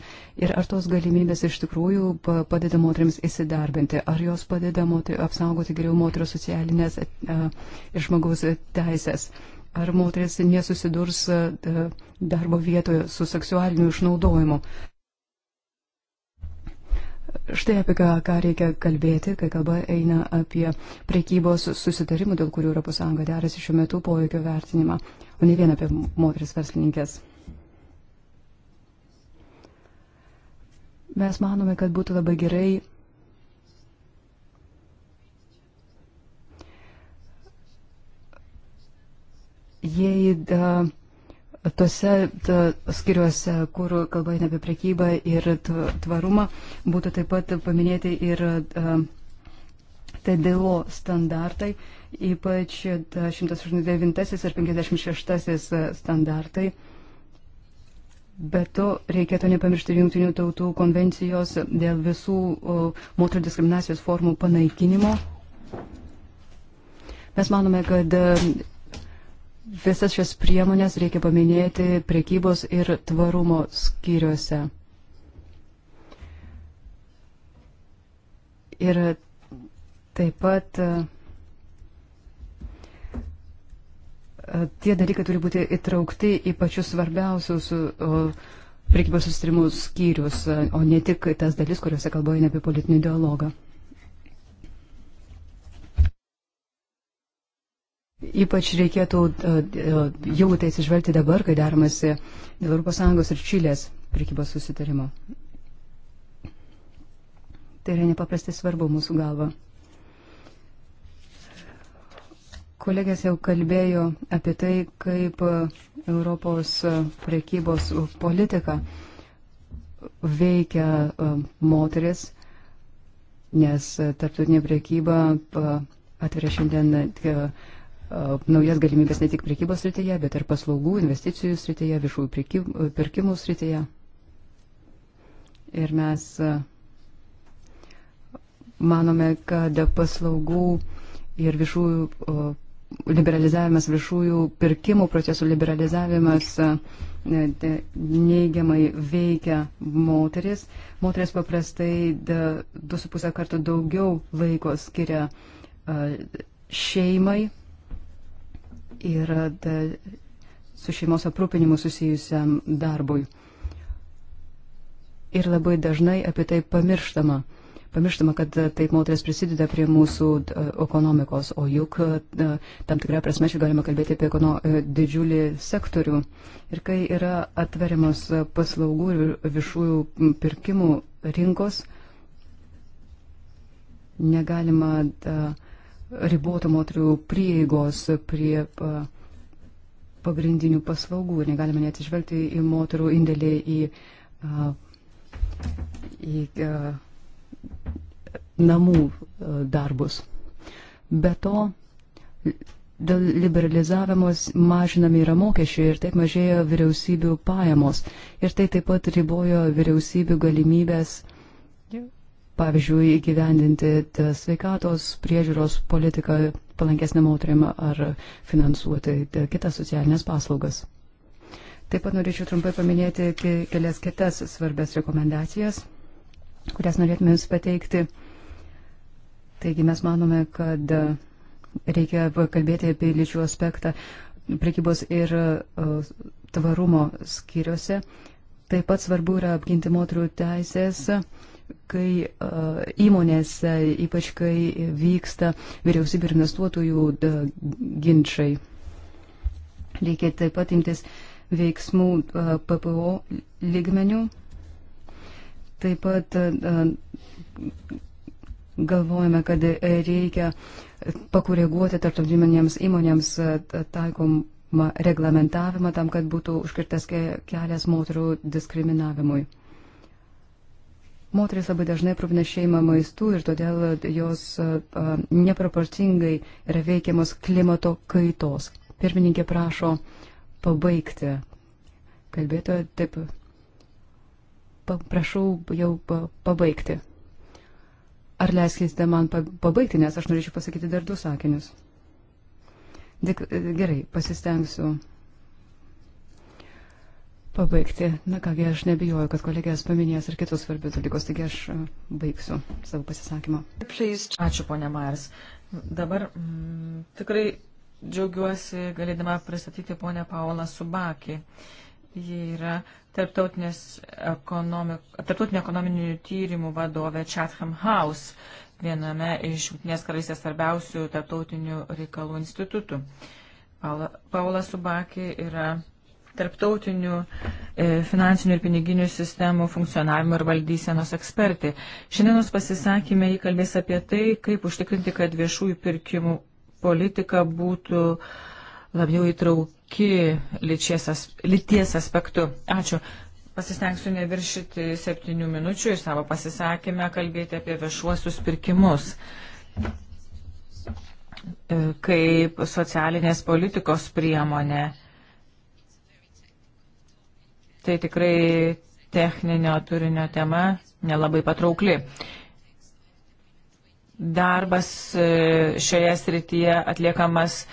ir ar tos galimybės iš tikrųjų padeda moteriams įsidarbinti, ar jos padeda moter, apsaugoti geriau moterio socialinės e, ir žmogaus e, teisės, ar moteris nesusidurs darbo vietoje su seksualiniu išnaudojimu. Štai apie ką, ką reikia kalbėti, kai kalba eina apie prekybos susitarimų, dėl kurių ES derasi šiuo metu poveikio vertinimą, o ne vien apie moteris verslininkės. Mes manome, kad būtų labai gerai jei da, uh, tose skiriuose, kur kalba eina apie prekybą ir tvarumą, būtų taip pat paminėti ir TDO standartai, ypač 189 ir 56 standartai. Be to, reikėtų nepamiršti Junktinių tautų konvencijos dėl visų moterų diskriminacijos formų panaikinimo. Mes manome, kad visas šias priemonės reikia paminėti priekybos ir tvarumo skyriuose. Ir taip pat e, tie dalykai turi būti įtraukti į pačius svarbiausius priekybos sustrimus skyrius, o ne tik tas dalis, kuriuose kalba eina apie politinį dialogą. Ypač reikėtų e, e, jau tai atsižvelgti dabar, kai daromasi dėl ES ir Čilės prekybos susitarimo. Tai yra nepaprastai svarbu mūsų galva. Kolegės jau kalbėjo apie tai, kaip Europos prekybos politika veikia e, moteris, nes tarptautinė prekyba atveria šiandien naujas galimybės ne tik prekybos srityje, bet ir paslaugų, investicijų srityje, viešųjų pirkimų srityje. Ir mes manome, kad paslaugų ir viešųjų liberalizavimas, viešųjų pirkimų procesų liberalizavimas neigiamai veikia moteris. Moteris paprastai 2,5 kartų daugiau laiko skiria šeimai ir da, su šeimos aprūpinimu susijusiam darbui. Ir labai dažnai apie tai pamirštama. Pamirštama, kad e, taip moteris prisideda prie mūsų e, ekonomikos, o juk e, tam tikrą prasme čia galima kalbėti apie ekono, didžiulį sektorių. Ir kai yra atveriamos paslaugų ir viešųjų pirkimų rinkos, negalima. Da, riboto moterių prieigos prie pagrindinių paslaugų ir negalime net išvelgti į moterų indėlį į, į, į namų darbus. Be to, dėl liberalizavimos mažinami yra mokesčiai ir taip mažėjo vyriausybių pajamos. Ir tai taip pat ribojo vyriausybių galimybės pavyzdžiui, įgyvendinti sveikatos priežiūros politiką palankesnė moterim ar finansuoti kitas socialinės paslaugas. Taip pat norėčiau trumpai paminėti kelias kitas svarbės rekomendacijas, kurias norėtume Jums pateikti. Taigi mes manome, kad reikia kalbėti apie lyčių aspektą prekybos ir tvarumo skyriuose. Taip pat svarbu yra apginti moterų teisės kai įmonėse, ypač kai vyksta vyriausybių ir investuotojų ginčiai. Reikia taip pat imtis veiksmų PPO lygmenių. Taip pat galvojame, kad reikia pakoreguoti tarptautinėms įmonėms taikomą reglamentavimą tam, kad būtų užkirtas kelias moterų diskriminavimui. Moteris labai dažnai aprūpina šeimą maistų ir todėl jos neproporcingai yra veikiamos klimato kaitos. Pirmininkė prašo pabaigti. Kalbėtoja taip. Prašau jau pabaigti. Ar leiskite man pabaigti, nes aš norėčiau pasakyti dar du sakinius. Dėk, e, gerai, pasistengsiu pabaigti. Na kągi, aš nebijoju, kad kolegės paminės ir kitus svarbius dalykus, taigi aš e, baigsiu savo pasisakymą. Ačiū, ponė Mars. Dabar m, mm, tikrai džiaugiuosi galėdama pristatyti ponę Paulą Subakį. Ji yra ekonomik, tarptautinio ekonominių tyrimų vadovė Chatham House, viename iš Junktinės karalystės svarbiausių tarptautinių reikalų institutų. Paula, Paula Subakė yra tarptautinių e, finansinių ir piniginių sistemų funkcionavimo ir valdysenos ekspertė. Šiandienos pasisakymė jį kalbės apie tai, kaip užtikrinti, kad viešųjų pirkimų politika būtų labiau įtrauki lyties, lyties aspektu. Ačiū. Pasistengsiu neviršyti septynių minučių ir savo pasisakymę kalbėti apie viešuosius pirkimus e, kaip socialinės politikos priemonė Tai tikrai techninio turinio tema nelabai patraukli. Darbas e, šioje srityje atliekamas e,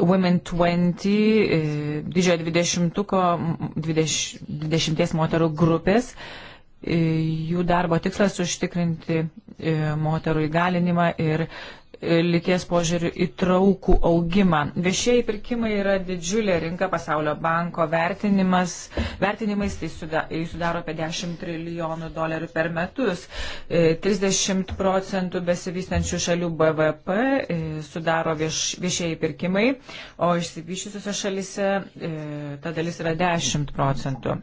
Women 20, e, didžiojo 20-tuko 20, 20 moterų grupės. Jų darbo tikslas užtikrinti moterų įgalinimą ir lyties požiūrių įtraukų augimą. Viešieji pirkimai yra didžiulė rinka pasaulio banko vertinimas. Vertinimais tai sudaro apie 10 trilijonų dolerių per metus. 30 e, procentų besivystančių šalių BVP e, sudaro vieš, viešieji pirkimai, o išsivyščiusiuose šalise e, ta dalis yra 10 procentų.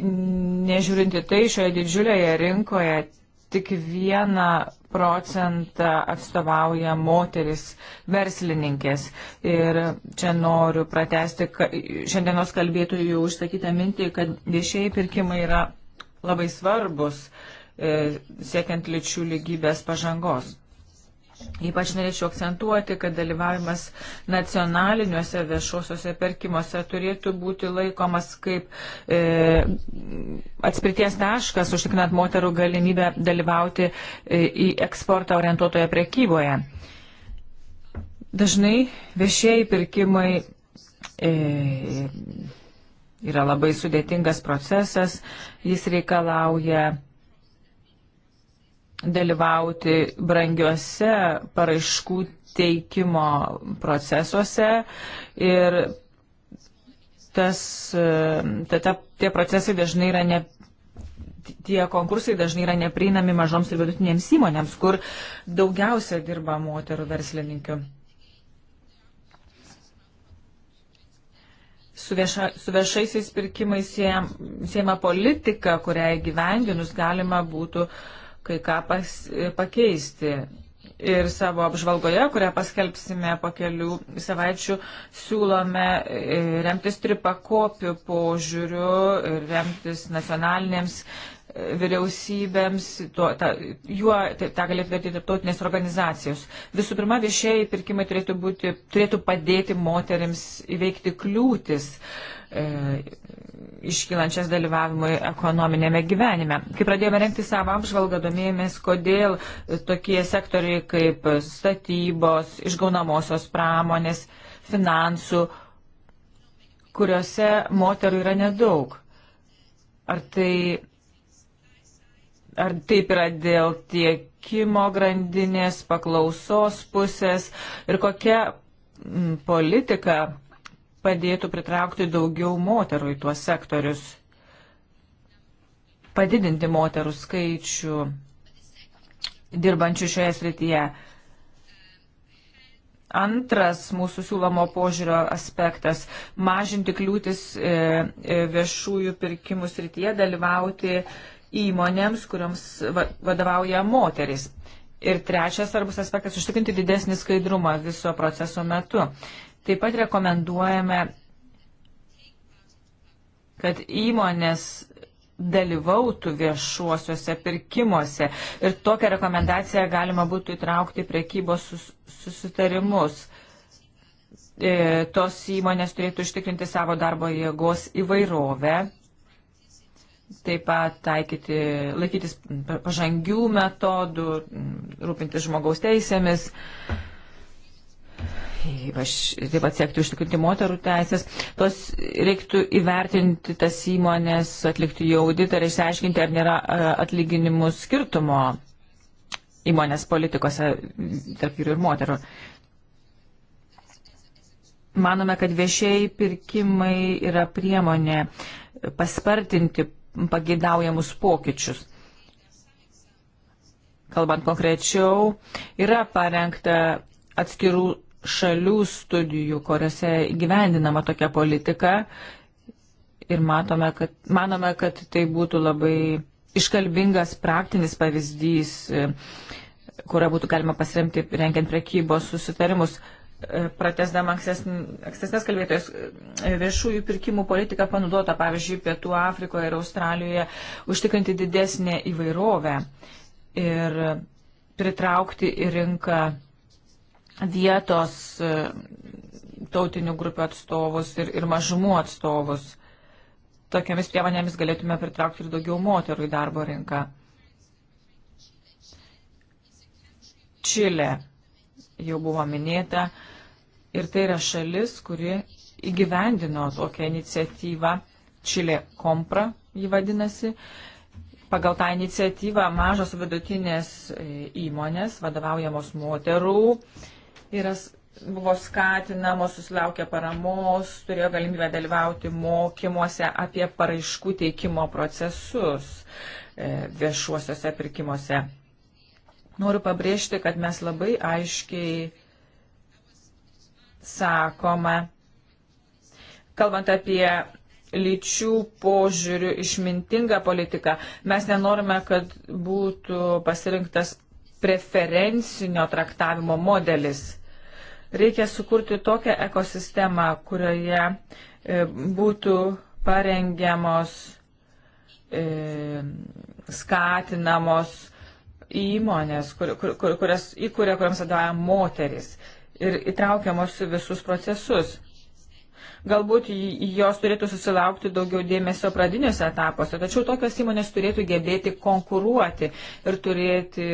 Nežiūrinti tai, šioje didžiulėje rinkoje tik vieną procentą atstovauja moteris verslininkės. Ir čia noriu pratesti šiandienos kalbėtojų užsakytą mintį, kad viešieji pirkimai yra labai svarbus e, siekiant lyčių lygybės pažangos. Ypač norėčiau akcentuoti, kad dalyvavimas nacionaliniuose viešuosiuose perkimuose turėtų būti laikomas kaip e, atspirties taškas, užtikrinant moterų galimybę dalyvauti e, į eksportą orientuotoje prekyboje. Dažnai viešieji pirkimai e, yra labai sudėtingas procesas, jis reikalauja dalyvauti brangiuose paraiškų teikimo procesuose ir tas, ta, ta, tie procesai dažnai yra ne. Tie konkursai dažnai yra neprieinami mažoms ir vidutinėms įmonėms, kur daugiausia dirba moterų verslininkių. su, vieša, su viešaisiais pirkimais siejama politika, kurią įgyvendinus galima būtų uh, kai ką pas, pakeisti. Ir savo apžvalgoje, kurią paskelbsime po kelių savaičių, siūlome e, remtis tripakopių požiūrių ir remtis nacionalinėms e, vyriausybėms, tuo, ta, juo tai, tą ta galėtų daryti tarptautinės organizacijos. Visų pirma, viešieji pirkimai turėtų, būti, turėtų padėti moteriams įveikti kliūtis. Uh, E, iškylančias dalyvavimo ekonominėme gyvenime. Kai pradėjome renkti savo apžvalgą, domėjomės, kodėl tokie sektoriai kaip statybos, išgaunamosios pramonės, finansų, kuriuose moterų yra nedaug. Ar tai, ar taip yra dėl tiekimo grandinės, paklausos pusės ir kokia politika padėtų pritraukti daugiau moterų į tuos sektorius, padidinti moterų skaičių dirbančių šioje srityje. Antras mūsų siūlomo požiūrio aspektas - mažinti kliūtis e, e, viešųjų pirkimų srityje, dalyvauti įmonėms, kuriams vadovauja moteris. Ir trečias svarbus aspektas - užtikrinti didesnį skaidrumą viso proceso metu. Taip pat rekomenduojame, kad įmonės dalyvautų viešuosiuose pirkimuose. Ir tokią rekomendaciją galima būtų įtraukti prekybos sus, susitarimus. E, tos įmonės turėtų ištikrinti savo darbo jėgos įvairovę, taip pat taikyti, laikytis pažangių metodų, rūpintis žmogaus teisėmis ypač taip pat siekti užtikrinti moterų teisės, tos reiktų įvertinti tas įmonės, atlikti jų auditą ir išsiaiškinti, ar nėra e, atlyginimų skirtumo įmonės politikose tarp vyrų ir moterų. Manome, kad viešieji pirkimai yra priemonė paspartinti pagidaujamus pokyčius kalbant konkrečiau, yra parengta atskirų šalių studijų, kuriuose gyvendinama tokia politika ir matome, kad, manome, kad tai būtų labai iškalbingas praktinis pavyzdys, e, kurią būtų galima pasiremti renkiant prekybos susitarimus. E, Pratesdama ankstesnės kalbėtojas, e, viešųjų pirkimų politika panaudota, pavyzdžiui, Pietų Afrikoje ir Australijoje, užtikrinti didesnę įvairovę ir pritraukti į rinką vietos e, tautinių grupių atstovus ir, ir mažumų atstovus. Tokiamis priemonėmis galėtume pritraukti ir daugiau moterų į darbo rinką. Čilė jau buvo minėta ir tai yra šalis, kuri įgyvendino tokią iniciatyvą Čilė Kompra, jį vadinasi, pagal tą iniciatyvą mažos vidutinės e, įmonės, vadovaujamos moterų, yra, buvo skatinamos, susilaukė paramos, turėjo galimybę dalyvauti mokymuose apie paraiškų teikimo procesus e, viešuosiuose pirkimuose. Noriu pabrėžti, kad mes labai aiškiai sakome, kalbant apie lyčių požiūrių išmintingą politiką, mes nenorime, kad būtų pasirinktas preferencinio traktavimo modelis. Reikia sukurti tokią ekosistemą, kurioje e, būtų parengiamos, e, skatinamos įmonės, kur, kur, kur, kurias įkūrė, kuriams vadovauja moteris ir įtraukiamos visus procesus galbūt jos turėtų susilaukti daugiau dėmesio pradiniuose etapuose, tačiau tokios įmonės turėtų gebėti konkuruoti ir turėti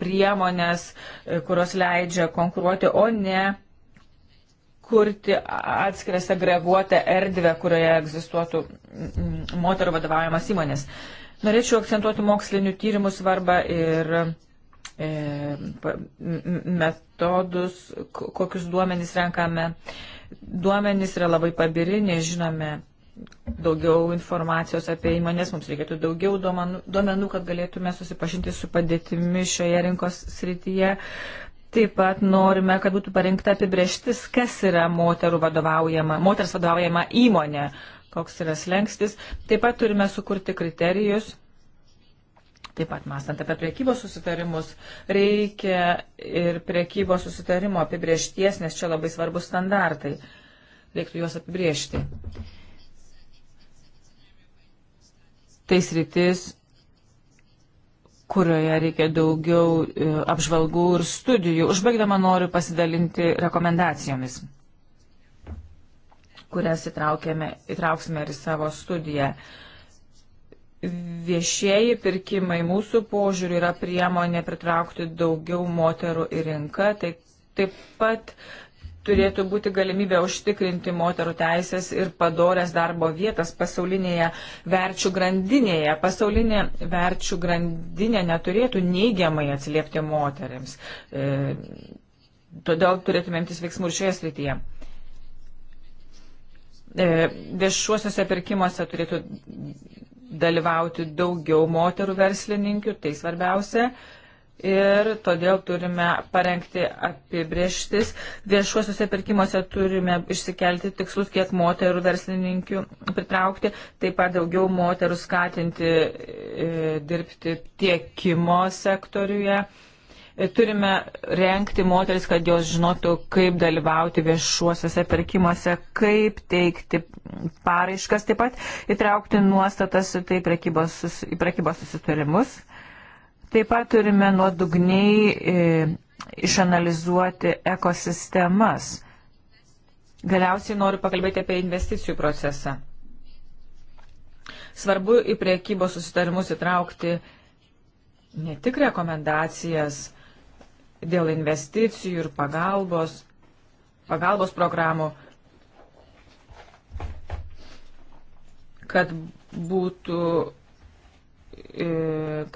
priemonės, e, kurios leidžia konkuruoti, o ne kurti atskirą segreguotą erdvę, kurioje egzistuotų moterų vadovaujamas įmonės. Norėčiau akcentuoti mokslinių tyrimų svarbą ir e, metodus, kokius duomenys renkame. Duomenys yra labai pabiri, nežinome, daugiau informacijos apie įmonės, mums reikėtų daugiau duomenų, kad galėtume susipažinti su padėtimi šioje rinkos srityje. Taip pat norime, kad būtų parinkta apibrieštis, kas yra vadovaujama, moters vadovaujama įmonė, koks yra slengstis. Taip pat turime sukurti kriterijus. Taip pat, mąstant apie priekybos susitarimus, reikia ir priekybos susitarimo apibriešties, nes čia labai svarbus standartai. Reiktų juos apibriežti tais rytis, kurioje reikia daugiau e, apžvalgų ir studijų. Užbaigdama noriu pasidalinti rekomendacijomis, kurias įtrauksime ir į savo studiją. Viešieji pirkimai mūsų požiūriu yra priemonė pritraukti daugiau moterų į rinką, tai taip pat turėtų būti galimybė užtikrinti moterų teisės ir padorės darbo vietas pasaulinėje verčių grandinėje. Pasaulinė verčių grandinė neturėtų neigiamai atsiliepti moteriams. E, todėl turėtume imtis veiksmų ir šioje srityje. E, viešuosiuose pirkimuose turėtų dalyvauti daugiau moterų verslininkių, tai svarbiausia. E, ir todėl turime parengti apibrieštis. Viešuosiuose pirkimuose turime išsikelti tikslus, kiek moterų verslininkių pritraukti, taip pat daugiau moterų skatinti e, dirbti tiekimo sektoriuje. E, turime renkti moteris, kad jos žinotų, kaip dalyvauti viešuosiuose pirkimuose, kaip teikti paraiškas, taip pat įtraukti nuostatas tai prekybos, į prekybos susitarimus Taip pat turime nuodugniai e, išanalizuoti ekosistemas. Galiausiai noriu pakalbėti apie investicijų procesą. Svarbu į priekybos susitarimus įtraukti ne tik rekomendacijas dėl investicijų ir pagalbos, pagalbos programų, kad būtų, e,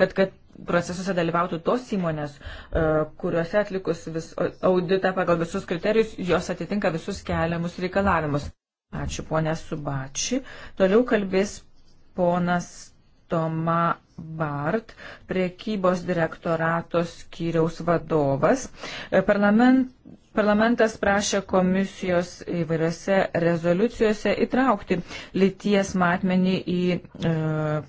kad, kad procesuose dalyvautų tos įmonės, e, kuriuose atlikus vis, auditą pagal visus kriterijus, jos atitinka visus keliamus reikalavimus. Ačiū, ponė Subači. Toliau kalbės ponas Toma Bart, priekybos direktoratos skyriaus vadovas. E, parlament Parlamentas prašė komisijos įvairiose rezoliucijose įtraukti lyties matmenį į e,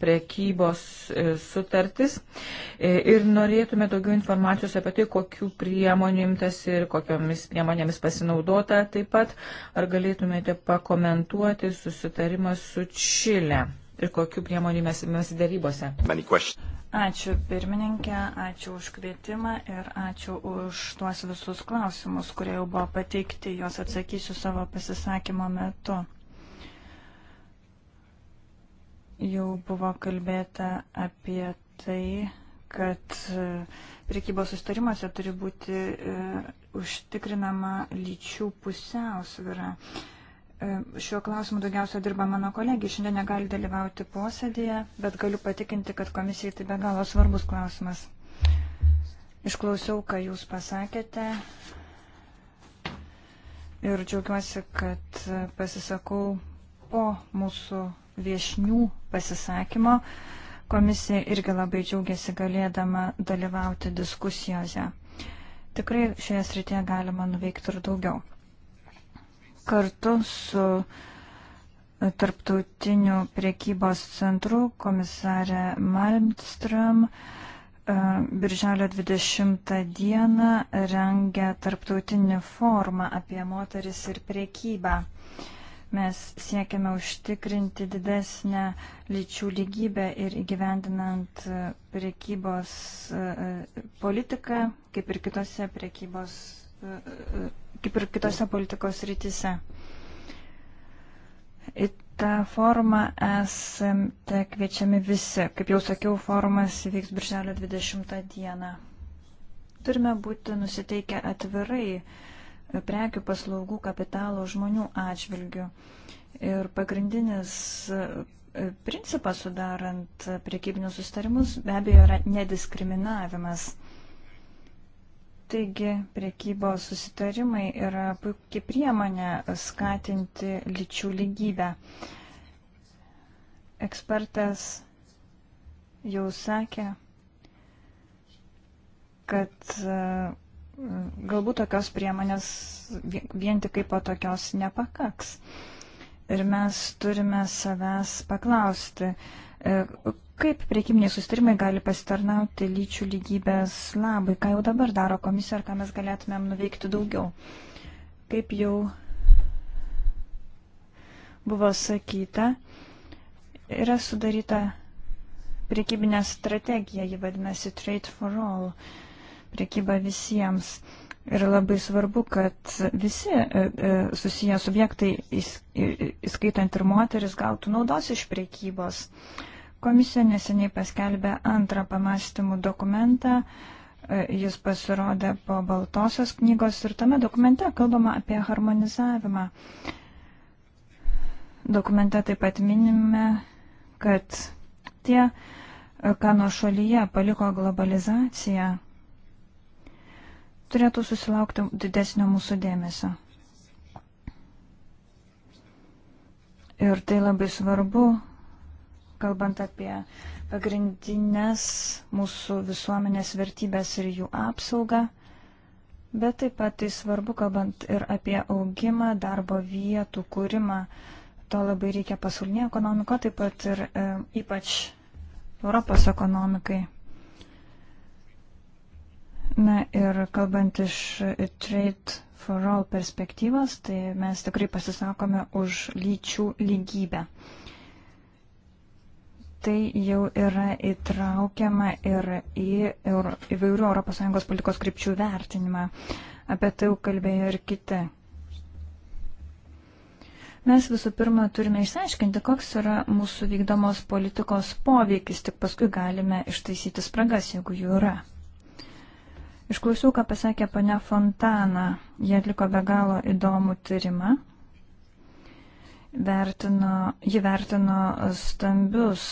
prekybos e, sutartis e, ir norėtume daugiau informacijos apie tai, kokiu priemonių imtas ir kokiomis priemonėmis pasinaudota taip pat. Ar galėtumėte pakomentuoti susitarimą su Čile? ir kokiu priemonių mes imės darybose. Ačiū pirmininkė, ačiū už kvietimą ir ačiū už tuos visus klausimus, kurie jau buvo pateikti, juos atsakysiu savo pasisakymo metu. Jau buvo kalbėta apie tai, kad e, priekybos sustarimuose turi būti e, užtikrinama lyčių pusiausvyra. E, E, šiuo klausimu daugiausia dirba mano kolegija, šiandien negali dalyvauti posėdėje, bet galiu patikinti, kad komisijai tai be galo svarbus klausimas. Išklausiau, ką jūs pasakėte ir džiaugiuosi, kad pasisakau po mūsų viešnių pasisakymo. Komisija irgi labai džiaugiasi galėdama dalyvauti diskusijose. Tikrai šioje srityje galima nuveikti ir daugiau kartu su Tarptautiniu priekybos centru komisarė Malmström e, Birželio 20 dieną rengia tarptautinį formą apie moteris ir priekybą. Mes siekiame užtikrinti didesnę lyčių lygybę ir įgyvendinant e, priekybos e, politiką, kaip ir kitose priekybos kaip ir kitose politikos rytise. Į tą forumą esate kviečiami visi. Kaip jau sakiau, forumas įvyks birželio 20 dieną. Turime būti nusiteikę atvirai prekių, paslaugų, kapitalo, žmonių atžvilgių. Ir pagrindinis e, principas sudarant priekybinius sustarimus be abejo yra nediskriminavimas. Taigi, priekybos susitarimai yra puikiai priemonė skatinti lyčių lygybę. Ekspertas jau sakė, kad e, galbūt tokios priemonės vien tik kaip po tokios nepakaks. Ir mes turime savęs paklausti, e, Kaip priekybiniai sustarimai gali pasitarnauti lyčių lygybės labai, ką jau dabar daro komisija ir ką mes galėtumėm nuveikti daugiau? Kaip jau buvo sakyta, yra sudaryta priekybinė strategija, ji vadinasi Trade for All, priekyba visiems. Ir labai svarbu, kad visi e, e, susiję subjektai, įskaitant ir moteris, gautų naudos iš priekybos. Komisija neseniai paskelbė antrą pamastymų dokumentą. E, jis pasirodė po Baltosios knygos ir tame dokumente kalbama apie harmonizavimą. Dokumente taip pat minime, kad tie, e, ką nuo šalyje paliko globalizacija, turėtų susilaukti didesnio mūsų dėmesio. Ir tai labai svarbu kalbant apie pagrindinės mūsų visuomenės vertybės ir jų apsaugą, bet taip pat tai svarbu, kalbant ir apie augimą, darbo vietų kūrimą. To labai reikia pasaulinė ekonomiko, taip pat ir e, ypač Europos ekonomikai. Na ir kalbant iš Trade for All perspektyvos, tai mes tikrai pasisakome už lyčių lygybę. E, tai jau yra įtraukiama ir į įvairių ES politikos krypčių vertinimą. Apie tai jau kalbėjo ir kiti. Mes visų pirma turime išsiaiškinti, koks yra mūsų vykdomos politikos poveikis, tik paskui galime ištaisyti spragas, jeigu jų yra. Išklausiau, ką pasakė ponia Fontana. Jie atliko be galo įdomų tyrimą vertino, ji vertino stambius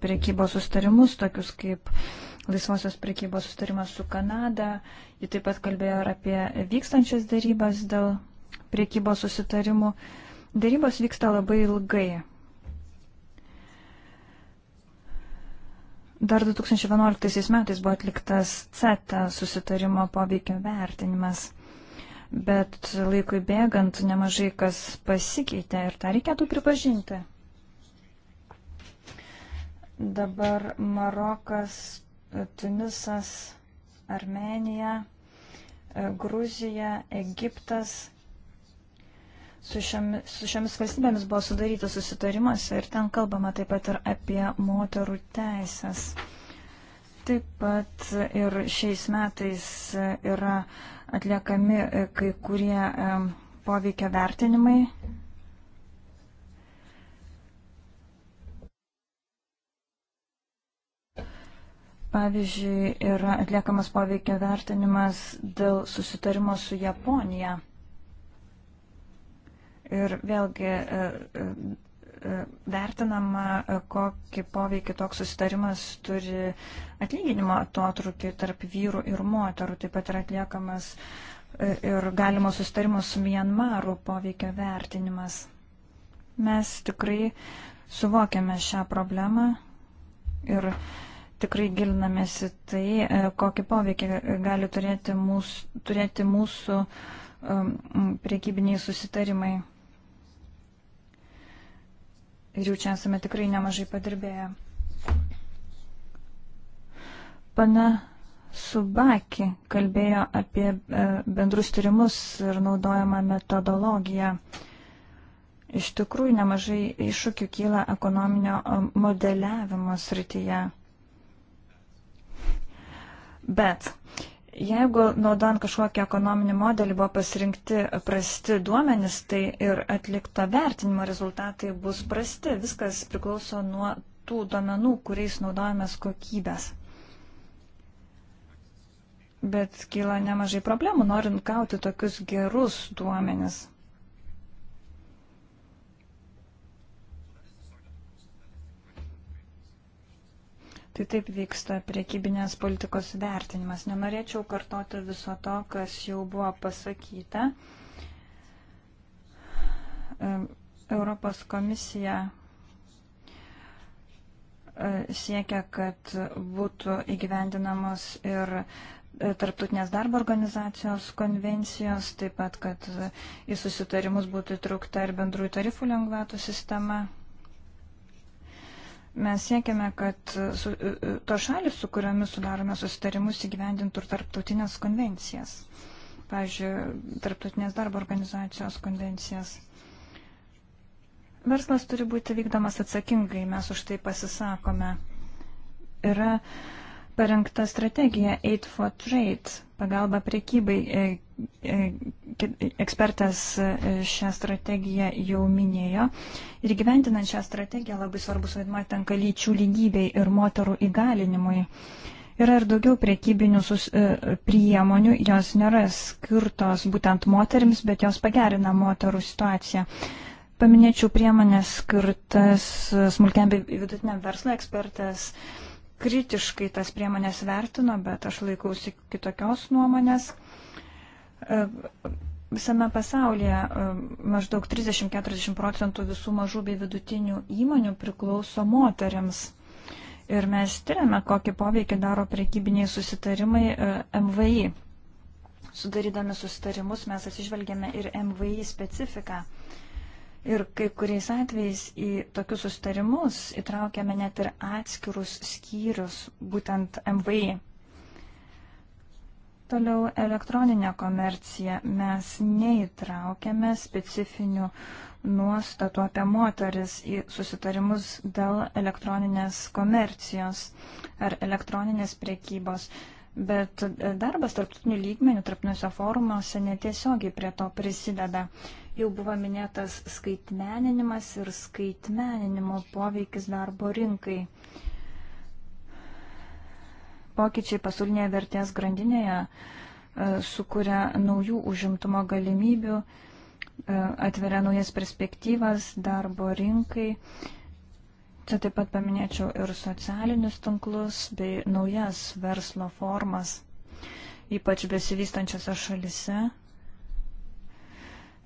priekybos sustarimus, tokius kaip laisvosios priekybos sustarimas su Kanada. Ji taip pat kalbėjo ir apie vykstančias darybas dėl priekybos susitarimų. Darybos vyksta labai ilgai. Dar 2011 metais buvo atliktas CETA susitarimo poveikio vertinimas bet laikui bėgant nemažai kas pasikeitė ir tą reikėtų pripažinti. Dabar Marokas, Tunisas, Armenija, e, Gruzija, Egiptas. Su šiomis, su šiomis valstybėmis buvo sudarytas susitarimas ir ten kalbama taip pat ir apie moterų teisės. Taip pat ir šiais metais yra uh, atliekami e, kai kurie e, poveikio vertinimai. Pavyzdžiui, yra atliekamas poveikio vertinimas dėl susitarimo su Japonija. Ir vėlgi e, vertinama, kokį poveikį toks susitarimas turi atlyginimo atotrukį tarp vyrų ir moterų. Taip pat yra atliekamas e, ir galimo susitarimo su Mianmaru poveikio vertinimas. Mes tikrai suvokiame šią problemą ir tikrai gilinamės į tai, e, kokį poveikį gali turėti mūsų, turėti mūsų um, priekybiniai susitarimai ir jau čia esame tikrai nemažai padirbėję. Pana Subaki kalbėjo apie e, bendrus tyrimus ir naudojamą metodologiją. Iš tikrųjų, nemažai iššūkių kyla ekonominio e, modeliavimo srityje. Bet Jeigu naudojant kažkokį ekonominį modelį buvo pasirinkti prasti duomenys, tai ir atlikto vertinimo rezultatai bus prasti. Viskas priklauso nuo tų duomenų, kuriais naudojamės kokybės. Bet kyla nemažai problemų, norint gauti tokius gerus duomenis. Tai taip vyksta priekybinės politikos vertinimas. Nenorėčiau kartoti viso to, kas jau buvo pasakyta. Europos komisija e, siekia, kad būtų įgyvendinamos ir e, tarptautinės darbo organizacijos konvencijos, taip pat, kad į susitarimus būtų įtraukta ir bendrųjų tarifų lengvatų sistema. Mes siekiame, kad su, e, e, to šalis, su kuriomis sudarome susitarimus, įgyvendintų ir tarptautinės konvencijas. Pavyzdžiui, tarptautinės darbo organizacijos konvencijas. Verslas turi būti vykdomas atsakingai, mes už tai pasisakome. Yra parengta strategija Aid for Trade pagalba priekybai. E, e, ekspertas e, šią strategiją jau minėjo. Ir gyventinant šią strategiją labai svarbus vaidmuo tenka lyčių lygybei ir moterų įgalinimui. Yra ir daugiau priekybinių sus, priemonių, jos nėra skirtos būtent moterims, bet jos pagerina moterų situaciją. Paminėčiau priemonės skirtas smulkiam bei vidutiniam verslo ekspertas. Uh, kritiškai tas priemonės vertino, bet aš laikausi kitokios nuomonės. E, visame pasaulyje e, maždaug 30-40 procentų visų mažų bei vidutinių įmonių priklauso moteriams. Ir mes tyriame, kokį poveikį daro prekybiniai susitarimai e, MVI. Sudarydami susitarimus mes atsižvelgėme ir MVI specifiką. Uh, Ir kai kuriais atvejais į tokius sustarimus įtraukiame net ir atskirus skyrius, būtent MVI. Toliau elektroninė komercija. Mes neįtraukiame specifinių nuostatų apie moteris į susitarimus dėl elektroninės komercijos ar elektroninės priekybos. Bet darbas tarptautinių lygmenių, tarptautiniuose forumuose netiesiogiai prie to prisideda. Jau buvo minėtas skaitmeninimas ir skaitmeninimo poveikis darbo rinkai. Pokyčiai pasaulinėje vertės grandinėje e, sukuria naujų užimtumo galimybių, e, atveria naujas perspektyvas darbo rinkai. Čia taip pat paminėčiau ir socialinius tinklus bei naujas verslo formas, ypač besivystančiose šalise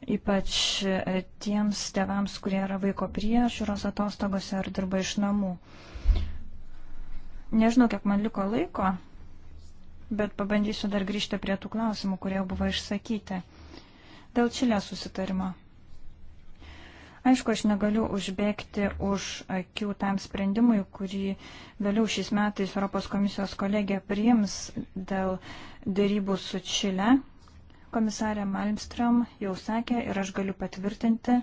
ypač e, tiems tevams, kurie yra vaiko priežiūros atostogose ar dirba iš namų. Nežinau, kiek man liko laiko, bet pabandysiu dar grįžti prie tų klausimų, kurie buvo išsakyti. Dėl Čilės susitarimo. Aišku, aš negaliu užbėgti už akių tam sprendimui, kurį vėliau šiais metais Europos komisijos kolegija priims dėl dėrybų su Čile Komisarė Malmström jau sakė ir aš galiu patvirtinti,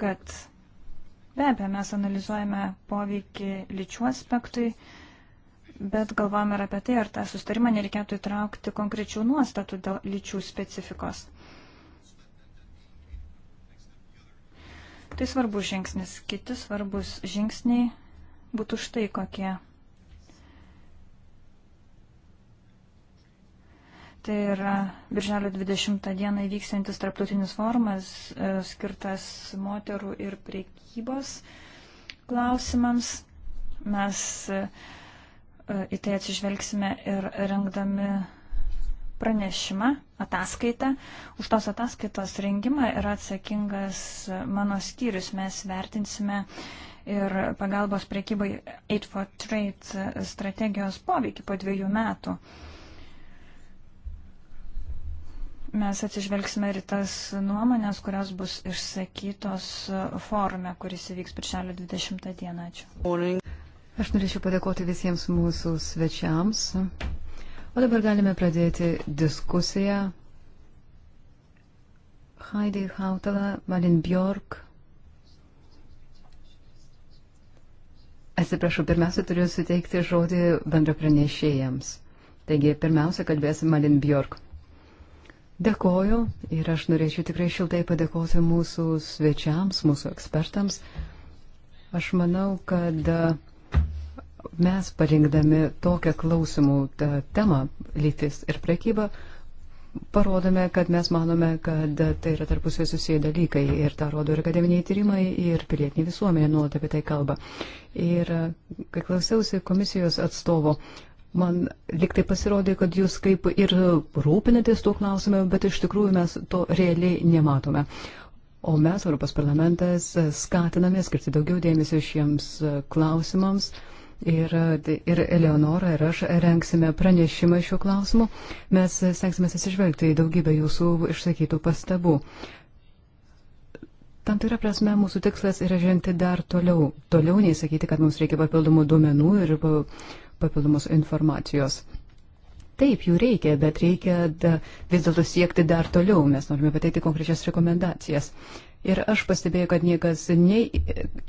kad be abejo mes analizuojame poveikį lyčių aspektui, bet galvojame ir apie tai, ar tą sustarimą nereikėtų įtraukti konkrečių nuostatų dėl lyčių specifikos. Tai svarbus žingsnis. Kiti svarbus žingsniai būtų štai kokie. Tai yra birželio 20 dieną įvyksiantis tarptautinis forumas e, skirtas moterų ir priekybos klausimams. Mes e, e, į tai atsižvelgsime ir rengdami pranešimą, ataskaitą. Už tos ataskaitos rengimą yra atsakingas mano skyrius. Mes vertinsime ir pagalbos priekybai Aid for Trade strategijos poveikį po dviejų metų mes atsižvelgsime ir tas nuomonės, kurios bus išsakytos forume, kuris įvyks piršelio 20 dieną. Ačiū. Aš norėčiau padėkoti visiems mūsų svečiams. O dabar galime pradėti diskusiją. Heidi Hautala, Malin Bjork. Atsiprašau, pirmiausia, turiu suteikti žodį bendra pranešėjams. Taigi, pirmiausia, kalbėsim Malin Bjork. Dėkoju ir aš norėčiau tikrai šiltai padėkoti mūsų svečiams, mūsų ekspertams. Aš manau, kad e, mes parinkdami tokią klausimų e, temą lytis ir prekyba parodome, kad mes manome, kad e, tai yra tarpusvė susiję dalykai ir tą rodo ir akademiniai tyrimai, ir pilietinė visuomenė nuolat apie tai kalba. Ir kai klausiausi komisijos atstovo, Man liktai pasirodė, kad jūs kaip ir rūpinatės tuo klausimu, bet iš tikrųjų mes to realiai nematome. O mes, Europos parlamentas, skatiname skirti daugiau dėmesio šiems klausimams. Ir, ir Eleonora ir aš renksime pranešimą šiuo klausimu. Mes stengsime atsižvelgti į daugybę jūsų išsakytų pastabų. Tam tikrą prasme mūsų tikslas yra žengti dar toliau. Toliau nei sakyti, kad mums reikia papildomų duomenų ir uh, papildomos informacijos. Taip, jų reikia, bet reikia da, vis dėlto siekti dar toliau. Mes norime pateikti konkrečias rekomendacijas. Ir aš pastebėjau, kad niekas nei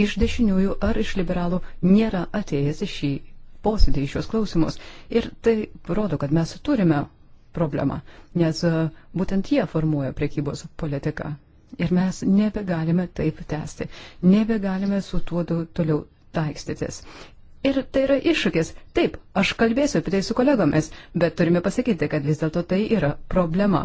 iš dešiniųjų ar iš liberalų nėra atėjęs į šį posėdį, į šios klausimus. Ir tai rodo, kad mes turime problemą, nes e, būtent jie formuoja priekybos politiką. Ir mes nebegalime taip tęsti, nebegalime su tuo toliau taikstytis. Ir tai yra iššūkis. Taip, aš kalbėsiu apie tai su kolegomis, bet turime pasakyti, kad vis dėlto tai yra problema.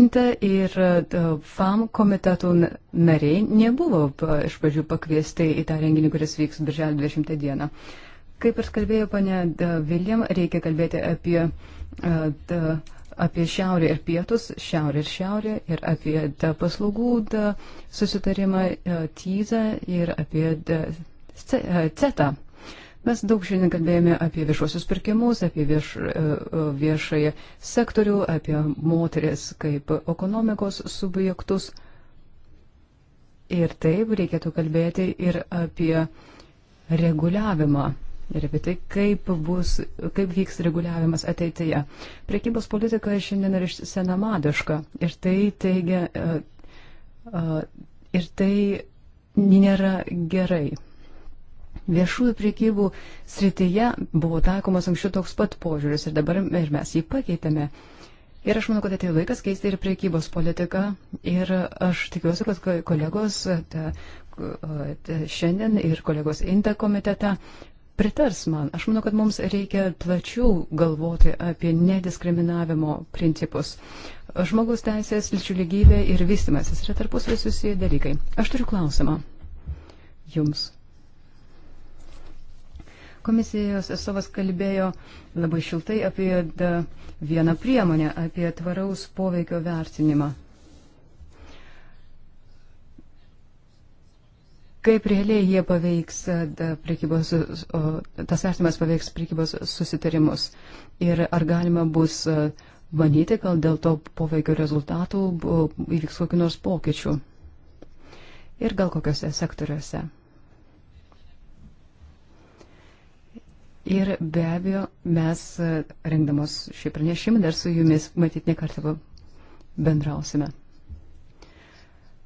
Inta ir e, FAM komitetų nariai nebuvo iš pradžių pakviesti į tą renginį, kuris vyks birželio 20 dieną. Kaip ir kalbėjo ponė Viljam, e, reikia kalbėti apie uh, apie šiaurę ir pietus, šiaurę ir šiaurę, ir apie da, paslaugų da, susitarimą e, TIZA ir apie da, e, e, CETA. Mes daug šiandien kalbėjome apie viešuosius pirkimus, apie vieš, viešąją sektorių, apie moteris kaip ekonomikos subjektus. Ir taip reikėtų kalbėti ir apie reguliavimą ir apie tai, kaip, bus, kaip vyks reguliavimas ateityje. Prekybos politika šiandien yra senamadiška ir tai teigia, e, e, ir tai nėra gerai. Viešųjų priekybų srityje buvo taikomas anksčiau toks pat požiūris ir dabar ir mes jį pakeitėme. Ir aš manau, kad atėjo laikas keisti ir priekybos politiką. Ir aš tikiuosi, kad kolegos ta, šiandien ir kolegos INTA komitete pritars man. Aš manau, kad mums reikia plačiau galvoti apie nediskriminavimo principus. Žmogus teisės, lyčių lygybė ir vystimasis yra tarpusavį susiję dalykai. Aš turiu klausimą jums. Komisijos atstovas kalbėjo labai šiltai apie vieną priemonę, apie tvaraus poveikio vertinimą. kaip realiai jie paveiks e, prekybos, tas vertimas paveiks prekybos susitarimus ir ar galima bus e, manyti, kad dėl to poveikio rezultatų įvyks kokiu nors pokyčiu ir gal kokiuose sektoriuose. Ir be abejo, mes e, rengdamos šį pranešimą dar su jumis matyt nekartą bendrausime.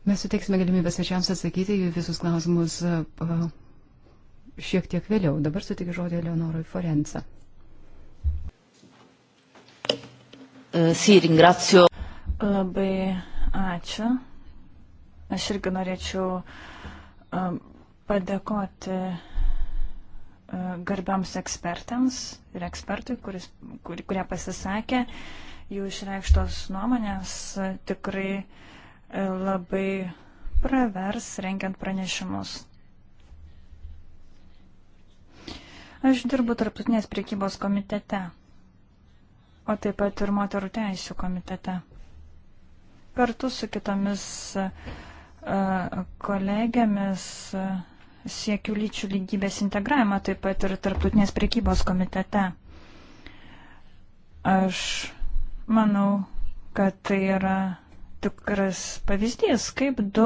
Mes suteiksime galimybę svečiams atsakyti į visus klausimus e, šiek tiek vėliau. Dabar sutikiu žodį Leonorui Forenza. E, Syringracijo. Labai ačiū. Aš irgi norėčiau e, padėkoti garbiams ekspertams ir ekspertui, kuris, kur, kurie pasisakė. Jų išreikštos nuomonės tikrai uh, labai pravers renkiant pranešimus. Aš dirbu tarptautinės priekybos komitete, o taip pat ir moterų teisų komitete. Kartu su kitomis e, kolegėmis e, siekiu lyčių lygybės integravimą, taip pat ir tarptautinės priekybos komitete. Aš manau, kad tai yra tikras pavyzdys, kaip du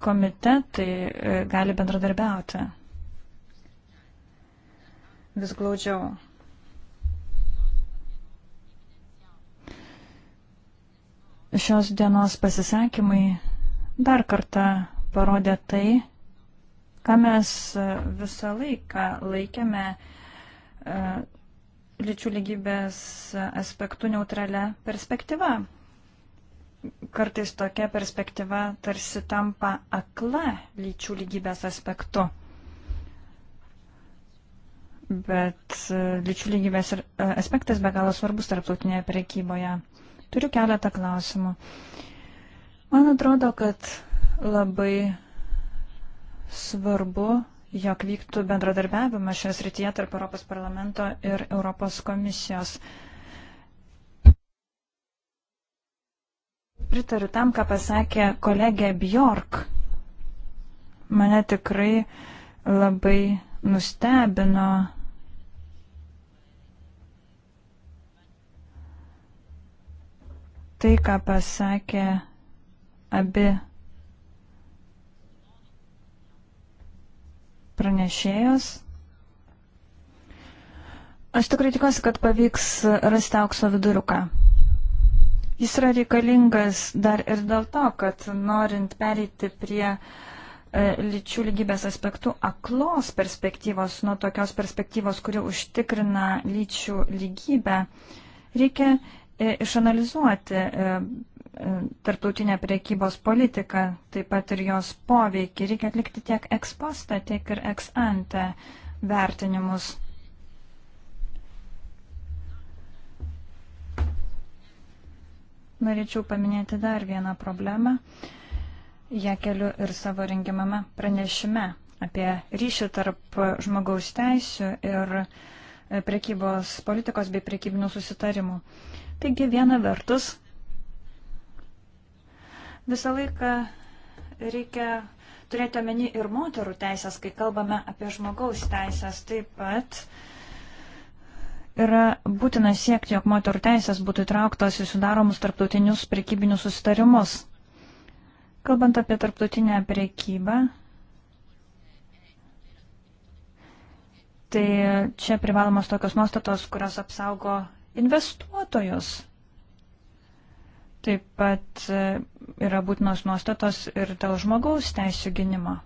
komitetai e, gali bendradarbiauti vis glaudžiau. Šios dienos pasisakymai dar kartą parodė tai, ką mes e, visą laiką laikėme e, lyčių lygybės aspektų neutralia perspektyva kartais tokia perspektyva tarsi tampa akla lyčių lygybės aspektu. Bet e, lyčių lygybės e, aspektas be galo svarbus tarptautinėje prekyboje. Turiu keletą klausimų. Man atrodo, kad labai svarbu, jog vyktų bendradarbiavimas šios rytyje tarp Europos parlamento ir Europos komisijos. Uh, pritariu tam, ką pasakė kolegė Bjork. Mane tikrai labai nustebino tai, ką pasakė abi pranešėjos. Aš tikrai tikiuosi, kad pavyks rasti aukso viduriuką. Jis yra reikalingas dar ir dėl to, kad norint pereiti prie e, lyčių lygybės aspektų aklos perspektyvos, nuo tokios perspektyvos, kuri užtikrina lyčių lygybę, reikia e, išanalizuoti e, tarptautinę priekybos politiką, taip pat ir jos poveikį. Reikia atlikti tiek ekspostą, tiek ir eksante vertinimus. Norėčiau paminėti dar vieną problemą. Ja keliu ir savo rengiamame pranešime apie ryšį tarp žmogaus teisų ir e, prekybos politikos bei prekybinių susitarimų. Taigi viena vertus, visą laiką reikia turėti omeny ir moterų teisės, kai kalbame apie žmogaus teisės taip pat. Uh, Yra būtina siekti, jog moterų teisės būtų įtrauktos į sudaromus tarptautinius prekybinius sustarimus. Kalbant apie tarptautinę prekybą, tai čia privalomos tokios nuostatos, kurios apsaugo investuotojus. Taip pat e, yra būtinos nuostatos ir dėl žmogaus teisų gynimo.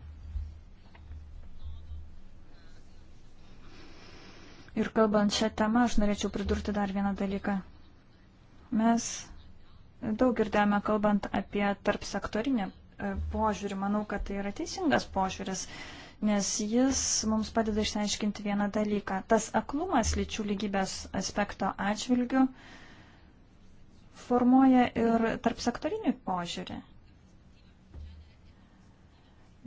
Ir kalbant šią temą, aš norėčiau pridurti dar vieną dalyką. Mes daug girdėjome kalbant apie tarp sektorinį e, požiūrį. Manau, kad tai yra teisingas požiūris, nes jis mums padeda išsiaiškinti vieną dalyką. Tas aklumas lyčių lygybės aspekto atžvilgių formuoja ir tarp sektorinį požiūrį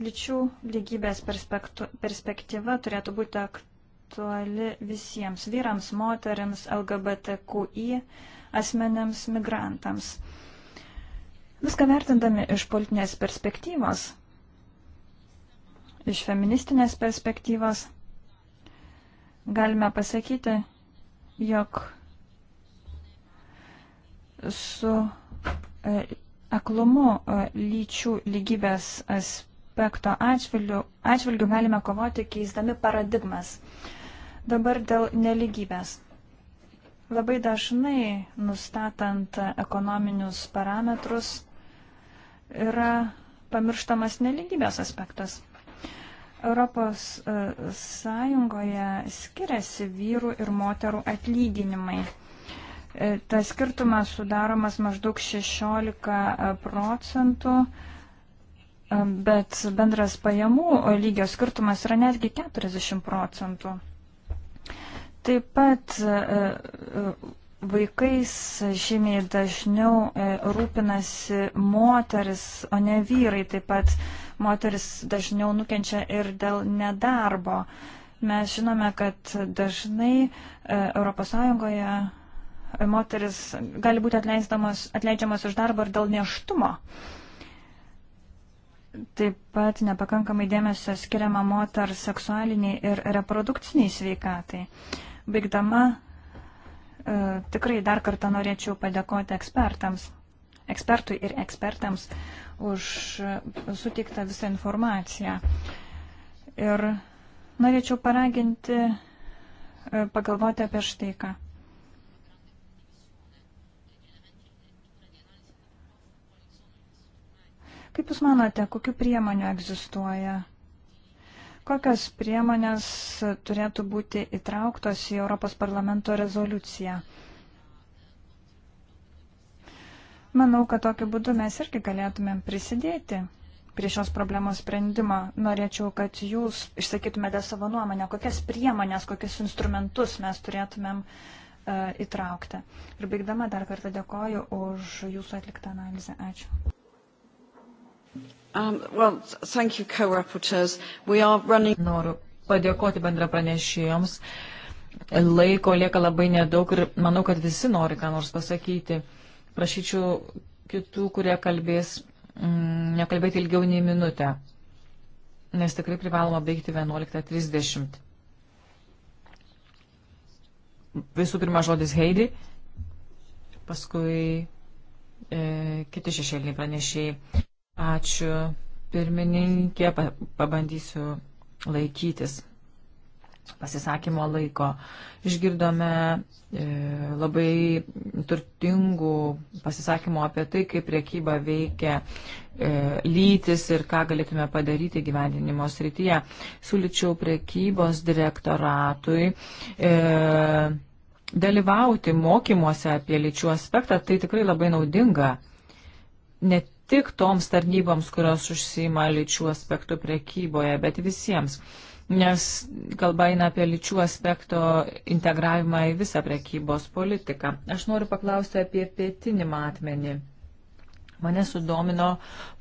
lyčių lygybės perspektyva turėtų būti ak aktuali visiems vyrams, moteriams, LGBTQI asmenėms, migrantams. Viską vertindami iš politinės perspektyvos, iš feministinės perspektyvos, galime pasakyti, jog su e, aklumu e, lyčių lygybės aspektu aspekto atžvilgių, atžvilgių galime kovoti keisdami paradigmas. Dabar dėl neligybės. Labai dažnai nustatant ekonominius parametrus yra pamirštamas neligybės aspektas. Europos e, Sąjungoje skiriasi vyrų ir moterų atlyginimai. E, tas skirtumas sudaromas maždaug 16 e, procentų, bet bendras pajamų lygio skirtumas yra netgi 40 procentų. Taip pat e, e, vaikais žymiai dažniau e, rūpinasi moteris, o ne vyrai. Taip pat moteris dažniau nukenčia ir dėl nedarbo. Mes žinome, kad dažnai ES moteris gali būti atleidžiamas iš darbo ir dėl neštumo. Taip pat nepakankamai dėmesio skiriama moters seksualiniai ir reprodukciniai sveikatai. Uh, Baigdama, e, tikrai dar kartą norėčiau padėkoti ekspertams, ekspertui ir ekspertams už suteiktą visą informaciją. Ir norėčiau paraginti e, pagalvoti apie štai ką. Kaip Jūs manote, kokiu priemoniu egzistuoja Kokios priemonės turėtų būti įtrauktos į Europos parlamento rezoliuciją? Manau, kad tokiu būdu mes irgi galėtumėm prisidėti prie šios problemos sprendimo. Norėčiau, kad jūs išsakytumėte savo nuomonę, kokias priemonės, kokius instrumentus mes turėtumėm uh, įtraukti. Ir baigdama dar kartą dėkoju už jūsų atliktą analizę. Ačiū. Um, well, thank you, co-rapporteurs. We are running... Noriu padėkoti bendra pranešėjoms. Laiko lieka labai nedaug ir manau, kad visi nori ką nors pasakyti. Prašyčiau kitų, kurie kalbės, mm, nekalbėti ilgiau nei minutę, nes tikrai privaloma baigti 11.30. Visų pirma žodis Heidi, paskui e, kiti šešėliniai pranešėjai. Ačiū, pirmininkė, pabandysiu laikytis pasisakymo laiko. Išgirdome e, labai turtingų pasisakymų apie tai, kaip priekyba veikia e, lytis ir ką galėtume padaryti gyvendinimo srityje. Siūlyčiau priekybos direktoratui. E, Dalyvauti mokymuose apie lyčių aspektą tai tikrai labai naudinga. Net tik toms tarnyboms, kurios užsima lyčių aspektų prekyboje, bet visiems. Nes kalba eina apie lyčių aspekto integravimą į visą prekybos politiką. Aš noriu paklausti apie pietinį matmenį. Mane sudomino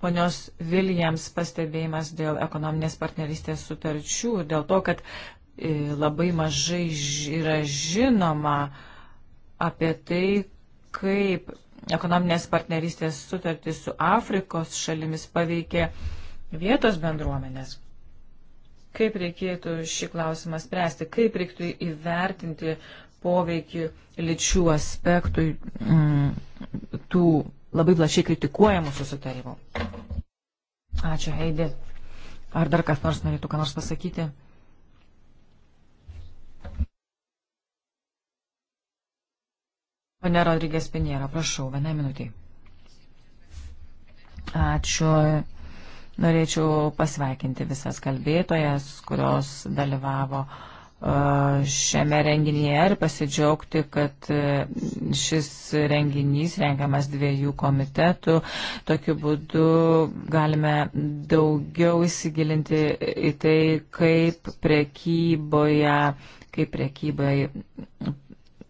ponios Viljams pastebėjimas dėl ekonominės partnerystės sutarčių ir dėl to, kad e, labai mažai yra žinoma apie tai, kaip ekonominės partnerystės sutartys su Afrikos šalimis paveikė vietos bendruomenės. Kaip reikėtų šį klausimą spręsti, kaip reiktų įvertinti poveikį lyčių aspektui m, mm, tų labai plačiai kritikuojamų susitarimų. Ačiū, Heidi. Ar dar kas nors norėtų ką nors pasakyti? Pane Rodrygės Pinėra, prašau, vienai minutiai. Ačiū. Norėčiau pasveikinti visas kalbėtojas, kurios dalyvavo e, šiame renginyje ir pasidžiaugti, kad e, šis renginys rengiamas dviejų komitetų. Tokiu būdu galime daugiau įsigilinti į tai, kaip prekyboje, kaip prekyboje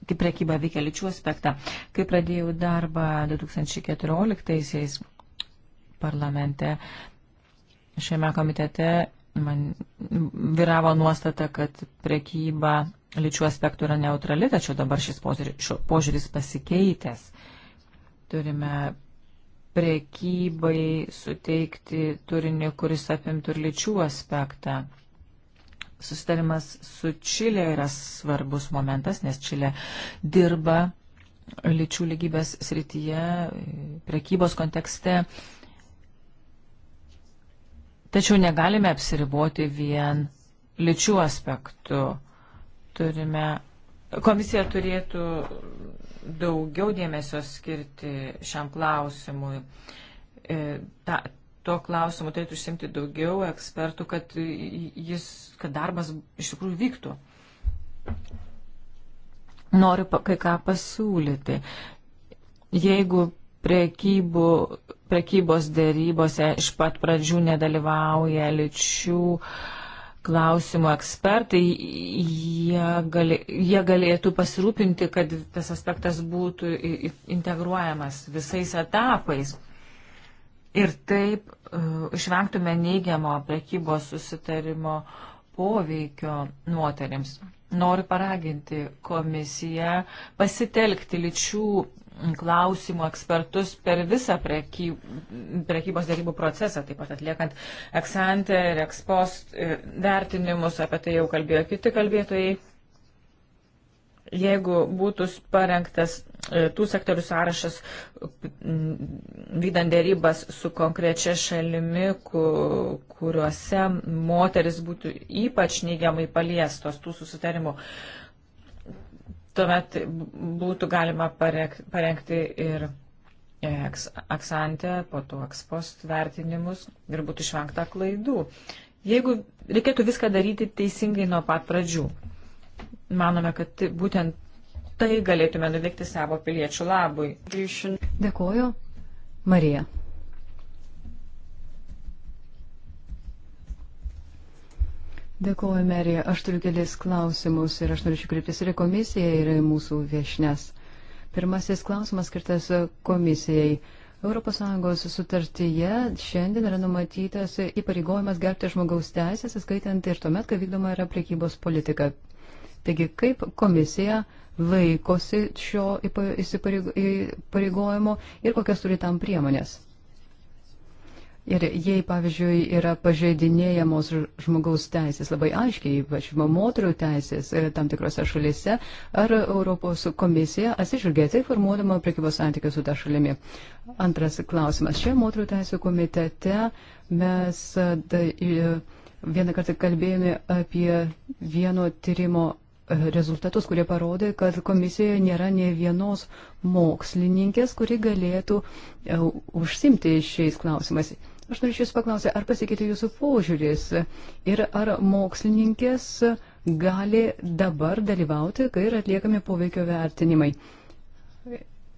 kaip prekyba veikia lyčių aspektą. Kai pradėjau darbą 2014-aisiais parlamente, šiame komitete man vyravo nuostata, kad prekyba lyčių aspektų yra neutrali, tačiau dabar šis požiūris pasikeitęs. Turime prekybai suteikti turinį, kuris apimtų ir lyčių aspektą. Susitarimas su Čilė yra svarbus momentas, nes Čilė dirba lyčių lygybės srityje, prekybos kontekste. Tačiau negalime apsiriboti vien lyčių aspektų. Turime, komisija turėtų daugiau dėmesio skirti šiam klausimui. E, ta, tuo klausimu turėtų užsimti daugiau ekspertų, kad, jis, kad darbas iš tikrųjų vyktų. Noriu kai ką pasiūlyti. Jeigu prekybų, prekybos dėrybose iš pat pradžių nedalyvauja lyčių klausimų ekspertai, jie, gali, jie galėtų pasirūpinti, kad tas aspektas būtų integruojamas visais etapais ir taip uh, išvengtume neigiamo prekybos susitarimo poveikio nuotarėms. Noriu paraginti komisiją pasitelkti lyčių klausimų ekspertus per visą preky, prekybos dėrybų procesą, taip pat atliekant eksante ir ekspost e, vertinimus, apie tai jau kalbėjo kiti kalbėtojai. Jeigu būtų parengtas E, tų sektorių sąrašas, vykdant dėrybas su konkrečia šalimi, kuriuose moteris būtų ypač neigiamai paliestos tų susitarimų. Tuomet būtų galima parengti ir e, aksantę, po to ekspost vertinimus ir būtų išvengta klaidų. Jeigu reikėtų viską daryti teisingai nuo pat pradžių, manome, kad tai būtent tai galėtume nuveikti savo piliečių labui. Dėkuoju. Marija. Dėkuoju, Merija. Aš turiu kelis klausimus ir aš norėčiau kreiptis ir į komisiją, ir į mūsų viešnes. Pirmasis klausimas skirtas komisijai. ES sutartyje šiandien yra numatytas įpareigojimas gerbti žmogaus teisės, skaitant ir tuomet, kai vykdoma yra priekybos politika. Taigi, kaip komisija laikosi šio įsipareigojimo ir kokias turi tam priemonės? Ir jei, pavyzdžiui, yra pažeidinėjamos žmogaus teisės labai aiškiai, ypač moterų teisės e, tam tikrose šalise, ar Europos komisija atsižvelgia tai formuodama prekybos santykius su ta šalimi. Antras klausimas. Čia moterų teisų komitete mes e, da, vieną kartą kalbėjome apie vieno tyrimo rezultatus, kurie parodė, kad komisijoje nėra ne vienos mokslininkės, kuri galėtų e, užsimti šiais klausimais. Aš norėčiau Jūs paklausyti, ar pasikeitė Jūsų požiūris ir ar mokslininkės gali dabar dalyvauti, kai yra atliekami poveikio vertinimai.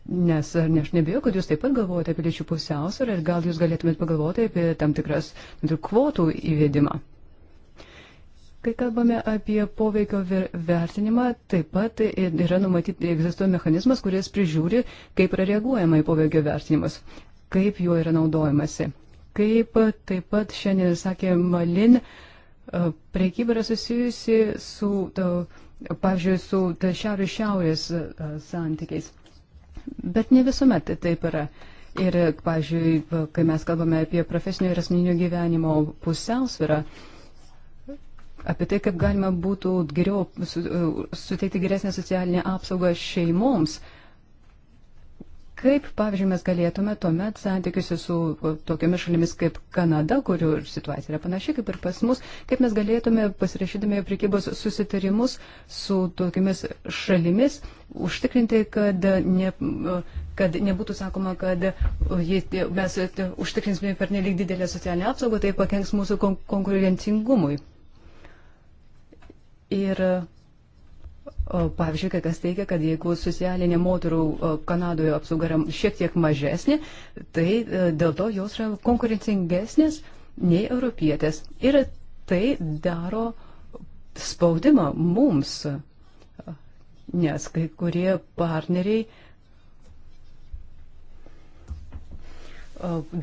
Nes ne, aš nebijau, kad jūs taip pat galvojate apie lyčių pusiausvyrą ir gal jūs galėtumėt pagalvoti apie tam tikras kvotų įvedimą. Kai kalbame apie poveikio vertinimą, taip pat yra numatyti, egzistuoja mechanizmas, kuris prižiūri, kaip yra reaguojama į poveikio vertinimus, kaip juo yra naudojamasi. Kaip taip pat šiandien sakė Malin, e, priekyba yra susijusi su, pavyzdžiui, su šiaurės šiaurės e, santykiais. Bet ne visuomet taip yra. Ir, pavyzdžiui, kai mes kalbame apie profesinio ir asmeninio gyvenimo pusiausvyrą, uh, apie tai, kaip galima būtų geriau e, suteikti geresnę socialinę apsaugą šeimoms. Kaip, pavyzdžiui, mes galėtume tuomet santykiuose su e, tokiamis šalimis kaip Kanada, kurių situacija yra panašiai kaip ir pas mus, kaip mes galėtume pasirašydami prekybos susitarimus su tokiamis šalimis užtikrinti, kad, ne, e, kad nebūtų sakoma, kad jei, mes užtikrinsime per nelik didelę socialinę apsaugą, tai pakenks mūsų konkurencingumui. Ir, pavyzdžiui, kai kas teigia, kad jeigu socialinė moterų Kanadoje apsauga yra šiek tiek mažesnė, tai e, dėl to jos yra konkurencingesnės nei europietės. Ir tai daro spaudimą mums, nes kai kurie partneriai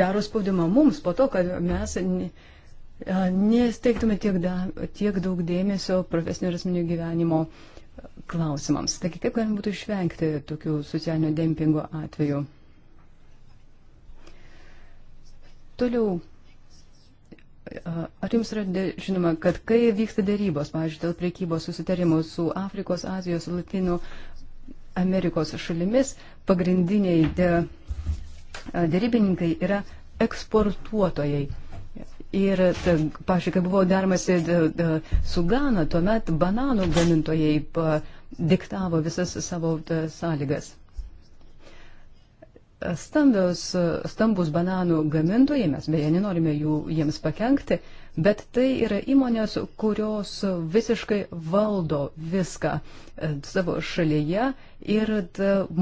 daro spaudimą mums po to, kad mes nesteiktume tiek, da, tiek daug dėmesio profesinio ir asmeninio gyvenimo e, klausimams. Taigi, kaip galima būtų išvengti tokių socialinio dempingo atvejų? Toliau, ar jums yra žinoma, kad kai vyksta dėrybos, pavyzdžiui, dėl priekybos susitarimų su Afrikos, Azijos, Latino Amerikos šalimis, pagrindiniai dėrybininkai yra eksportuotojai. Ir, pažiūrėjau, kai buvo daromasi e, su Gana, tuomet bananų gamintojai diktavo visas savo sąlygas. Stambios, stambus bananų gamintojai, mes beje nenorime jų, jiems pakengti, bet tai yra įmonės, kurios visiškai valdo viską e, savo šalyje ir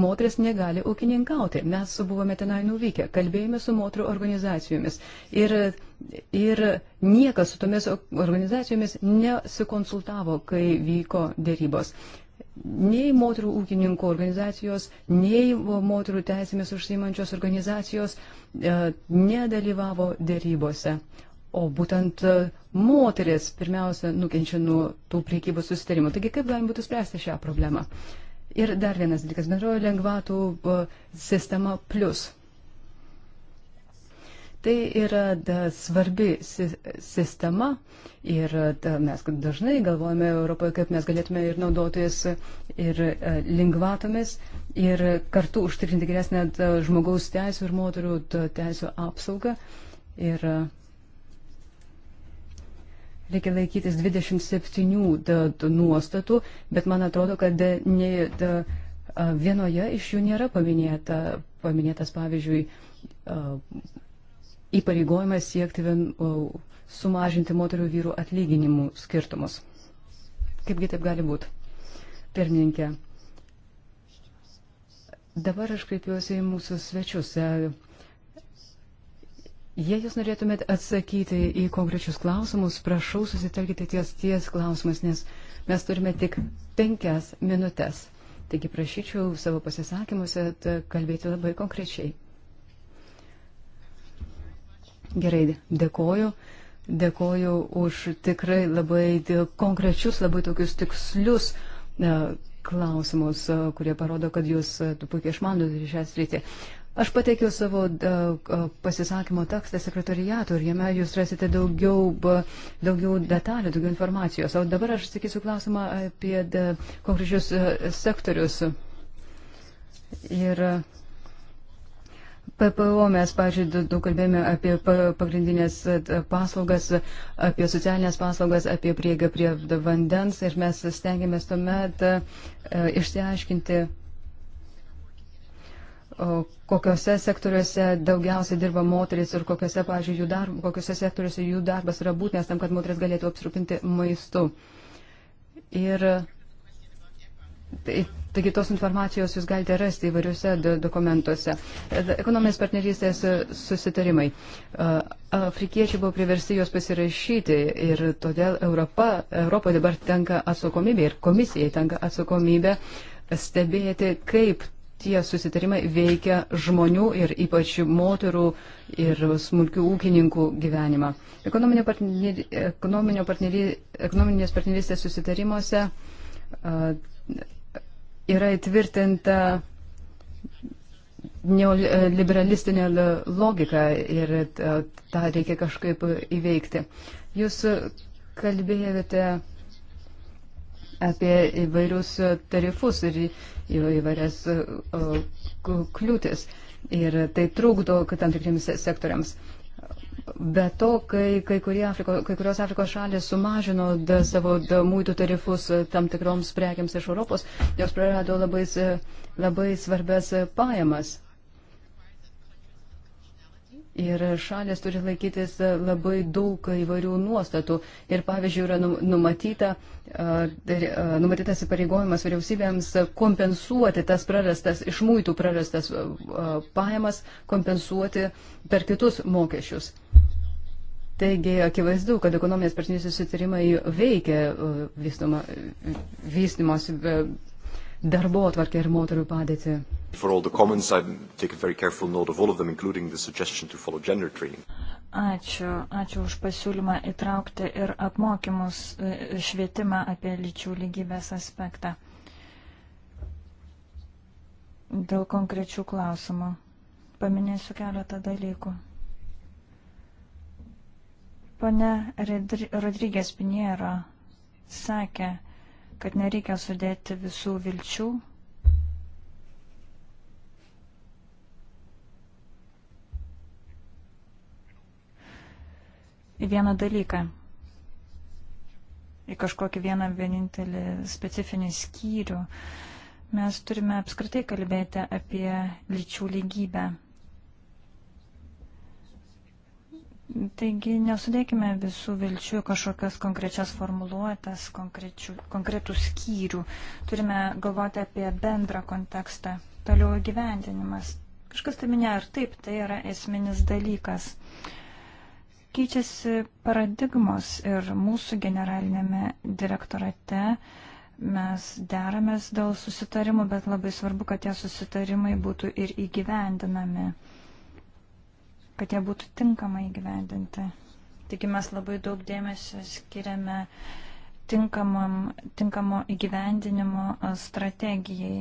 moteris negali ūkininkauti. Mes buvome tenai nuvykę, kalbėjome su moterų organizacijomis ir Ir niekas su tomis organizacijomis nesikonsultavo, kai vyko dėrybos. Nei moterų ūkininkų organizacijos, nei moterų teisėmis užsiimančios organizacijos e, nedalyvavo dėrybose. O būtent e, moteris pirmiausia nukenčia nuo tų priekybos susitarimų. Taigi kaip galima būtų spręsti šią problemą? Ir dar vienas dalykas - bendrojo lengvatų e, sistema plus. Tai yra da, svarbi si sistema ir da, mes dažnai galvojame Europoje, kaip mes galėtume ir naudotis ir a, e, lengvatomis ir kartu užtikrinti geresnę žmogaus teisų ir moterų teisų apsaugą. Ir a, reikia laikytis 27 da, da, nuostatų, bet man atrodo, kad da, ne, da, vienoje iš jų nėra paminėta, paminėtas, pavyzdžiui, įpareigojimas siekti vien, o, sumažinti moterų vyrų atlyginimų skirtumus. Kaipgi taip gali būti? Pirmininkė, dabar aš kreipiuosi į mūsų svečius. E, jei jūs norėtumėt atsakyti į konkrečius klausimus, prašau susitelkite ties ties klausimas, nes mes turime tik penkias minutės. Taigi prašyčiau savo pasisakymuose kalbėti labai konkrečiai. Gerai, dėkoju. Dėkoju už tikrai labai konkrečius, labai tokius tikslius e, klausimus, e, kurie parodo, kad jūs e, puikiai išmanote šią sritį. Aš pateikiau savo pasisakymo tekstą sekretariatų ir jame jūs rasite daugiau, daugiau detalių, daugiau informacijos. O dabar aš sakysiu klausimą apie konkrečius sektorius. Ir uh, PPO mes, pažiūrėjau, daug kalbėjome apie pagrindinės e, paslaugas, apie socialinės paslaugas, apie prieigą prie vandens ir mes stengiamės tuomet e, išsiaiškinti, kokiuose sektoriuose daugiausiai dirba moteris ir kokiuose, pažiūrėjau, jų darb, kokiuose sektoriuose jų darbas yra būtinas tam, kad moteris galėtų apsirūpinti maistu. Ir tai Taigi tos informacijos jūs galite rasti įvairiuose dokumentuose. E, ekonominės partnerystės e, susitarimai. E, afrikiečiai buvo priversti juos pasirašyti ir todėl Europa, Europoje dabar tenka atsakomybė ir komisijai tenka atsakomybė stebėti, kaip tie susitarimai veikia žmonių ir ypač moterų ir smulkių ūkininkų gyvenimą. Ekonominė partnerystė, ekonominės partnerystės susitarimuose yra įtvirtinta neoliberalistinė logika ir e, tą reikia kažkaip įveikti. Jūs kalbėjote apie įvairius tarifus ir įvairias e, kliūtis ir tai trukdo tam tikriems sektoriams. Be to, kai, kai, Afriko, kai kurios Afrikos šalis sumažino da, savo da, mūtų tarifus e, tam tikroms prekiams iš Europos, jos prarado labai, labai svarbės e, pajamas. Ir šalis turi laikytis e, labai daug įvairių nuostatų. Ir pavyzdžiui, yra numatyta, numatytas įpareigojimas vyriausybėms kompensuoti tas prarastas, iš mūtų prarastas pajamas, kompensuoti per kitus mokesčius. Taigi, akivaizdu, kad ekonomijos partnerių susitarimai veikia uh, vystimos uh, darbo atvarkę ir moterų padėtį. Comments, them, ačiū, ačiū už pasiūlymą įtraukti ir apmokymus uh, švietimą apie lyčių lygybės aspektą. Dėl konkrečių klausimų paminėsiu keletą dalykų. Pane Rodrygės Piniero sakė, kad nereikia sudėti visų vilčių. Į vieną dalyką į kažkokį vieną vienintelį specifinį skyrių. Mes turime apskritai kalbėti apie lyčių lygybę. Taigi nesudėkime visų vilčių kažkokias konkrečias formuluotas, konkretų skyrių. Turime galvoti apie bendrą kontekstą. Toliau gyvendinimas. Kažkas tai minėjo ir taip, tai yra esminis dalykas. Keičiasi paradigmos ir mūsų generalinėme direktorate mes deramės dėl susitarimų, bet labai svarbu, kad tie susitarimai būtų ir įgyvendinami kad jie būtų tinkamai gyvendinti. Taigi mes labai daug dėmesio skiriame tinkamam, tinkamo įgyvendinimo strategijai.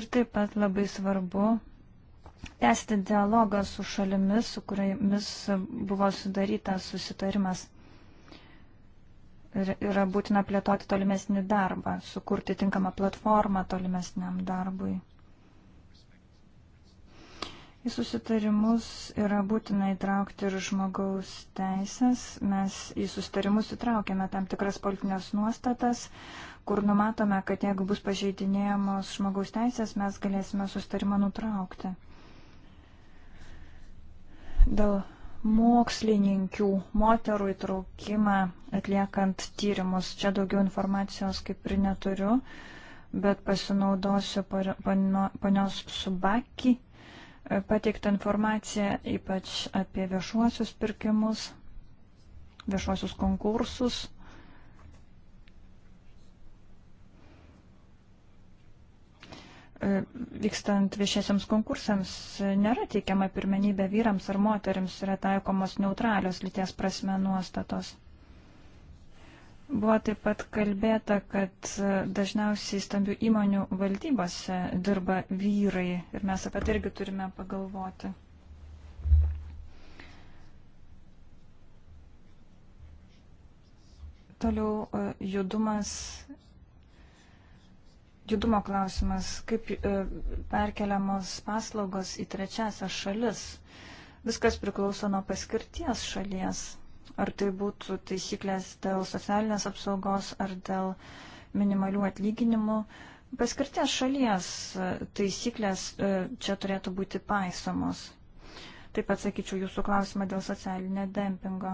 Ir taip pat labai svarbu tęsti dialogą su šalimis, su kuriamis buvo sudarytas susitarimas. Ir yra būtina plėtoti tolimesnį darbą, sukurti tinkamą platformą tolimesniam darbui. Į susitarimus yra būtina įtraukti ir žmogaus teisės. Mes į susitarimus įtraukėme tam tikras politinės nuostatas, kur numatome, kad jeigu bus pažeidinėjamos žmogaus teisės, mes galėsime susitarimą nutraukti. Dėl mokslininkių, moterų įtraukimą atliekant tyrimus, čia daugiau informacijos kaip ir neturiu, bet pasinaudosiu ponios Subaki pateiktą informaciją, ypač apie viešuosius pirkimus, viešuosius konkursus. E, vykstant viešiesiams konkursams e, nėra teikiama pirmenybė vyrams ar moteriams, yra taikomos neutralios lyties prasme nuostatos. Buvo taip pat kalbėta, kad e, dažniausiai stambių įmonių valdybose dirba vyrai ir mes apie tai irgi turime pagalvoti. Toliau e, judumas, judumo klausimas, kaip e, perkeliamos paslaugos į trečiasią šalis. Viskas priklauso nuo paskirties šalies ar tai būtų taisyklės dėl socialinės apsaugos ar dėl minimalių atlyginimų. Paskirties šalies taisyklės e, čia turėtų būti paisomos. Taip atsakyčiau jūsų klausimą dėl socialinio dempingo.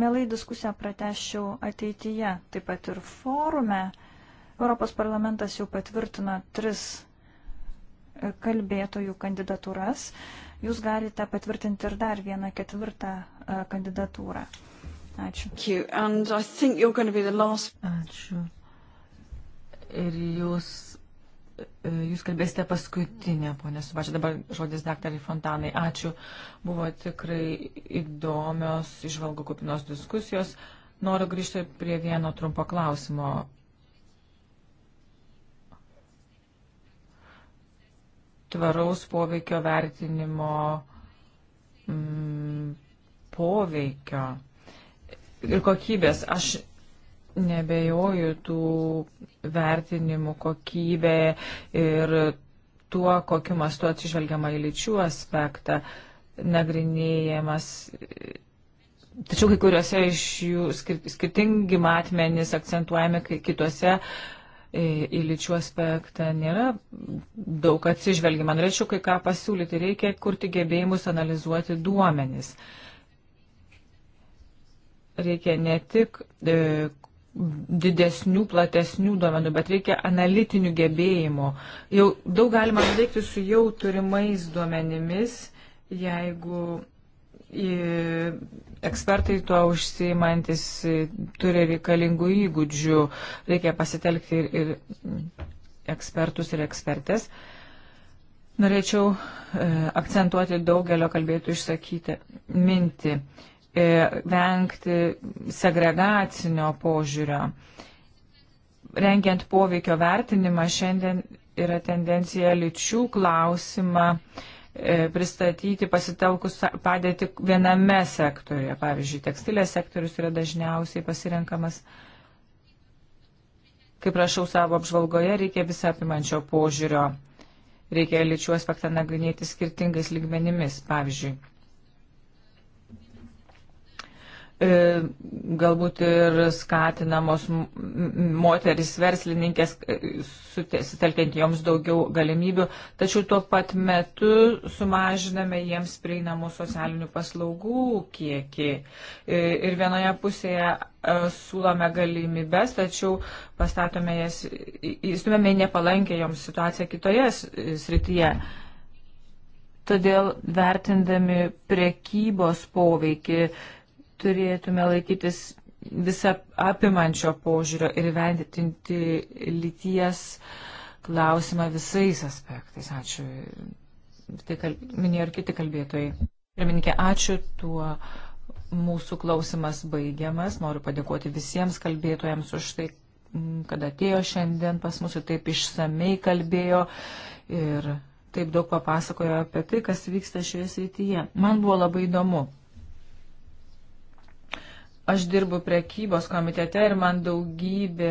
Mielai diskusiją prateščiau ateityje, taip pat ir forume. Europos parlamentas jau patvirtino tris e, kalbėtojų kandidatūras jūs galite patvirtinti ir dar vieną ketvirtą e, kandidatūrą. Ačiū. Ačiū. Ir jūs, e, jūs kalbėsite paskutinę, ponė Subačia, dabar žodis daktarai Fontanai. Ačiū. Buvo tikrai įdomios, išvalgų kupinos diskusijos. Noriu grįžti prie vieno trumpo klausimo tvaraus poveikio vertinimo mm, poveikio ir kokybės. Aš nebejoju tų vertinimų kokybė ir tuo, kokiu mastu atsižvelgiama į lyčių aspektą nagrinėjamas. Tačiau kai kuriuose iš jų skirtingi matmenys akcentuojami, kai kitose uh, į lyčių aspektą nėra daug atsižvelgiama. Norėčiau kai ką pasiūlyti. Reikia kurti gebėjimus analizuoti duomenis. Reikia ne tik e, didesnių, platesnių duomenų, bet reikia analitinių gebėjimų. Jau daug galima nuveikti su jau turimais duomenimis, jeigu ekspertai tuo užsiimantis e, turi reikalingų įgūdžių, reikia pasitelkti ir, ir ekspertus ir ekspertės. Norėčiau e, akcentuoti daugelio kalbėtų išsakyti mintį, e, vengti segregacinio požiūrio. Rengiant poveikio vertinimą, šiandien yra tendencija lyčių klausimą e, E, pristatyti pasitelkus padėti viename sektoriuje. Pavyzdžiui, tekstilės sektorius yra dažniausiai pasirenkamas. Kaip rašau savo apžvalgoje, reikia visą apimančio požiūrio. Reikia lyčių aspektą nagrinėti skirtingais lygmenimis. Pavyzdžiui, E, galbūt ir skatinamos moteris verslininkės, e, sutelkiant joms daugiau galimybių, tačiau tuo pat metu sumažiname jiems prieinamų socialinių paslaugų kiekį. E, ir vienoje pusėje siūlome galimybės, tačiau pastatome jas, įstumėme nepalankę joms situaciją kitoje srityje. Todėl vertindami prekybos poveikį, turėtume laikytis visą apimančio požiūrio ir įventinti lyties klausimą visais aspektais. Ačiū. Tai kalb... minėjo ir kiti kalbėtojai. Pirmininkė, ačiū tuo. Mūsų klausimas baigiamas. Noriu padėkoti visiems kalbėtojams už tai, kad atėjo šiandien pas mus ir taip išsamei kalbėjo ir taip daug papasakojo apie tai, kas vyksta šioje srityje. Man buvo labai įdomu. Aš dirbu prekybos komitete ir man daugybė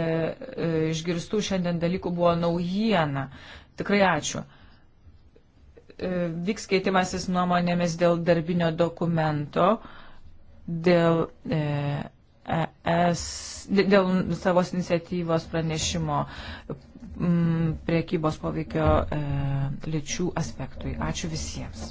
e, išgirstų šiandien dalykų buvo naujiena. Tikrai ačiū. E, vyks keitimasis nuomonėmis dėl darbinio dokumento, dėl, e, ES, dėl savos iniciatyvos pranešimo m, priekybos poveikio e, lyčių aspektui. Ačiū visiems.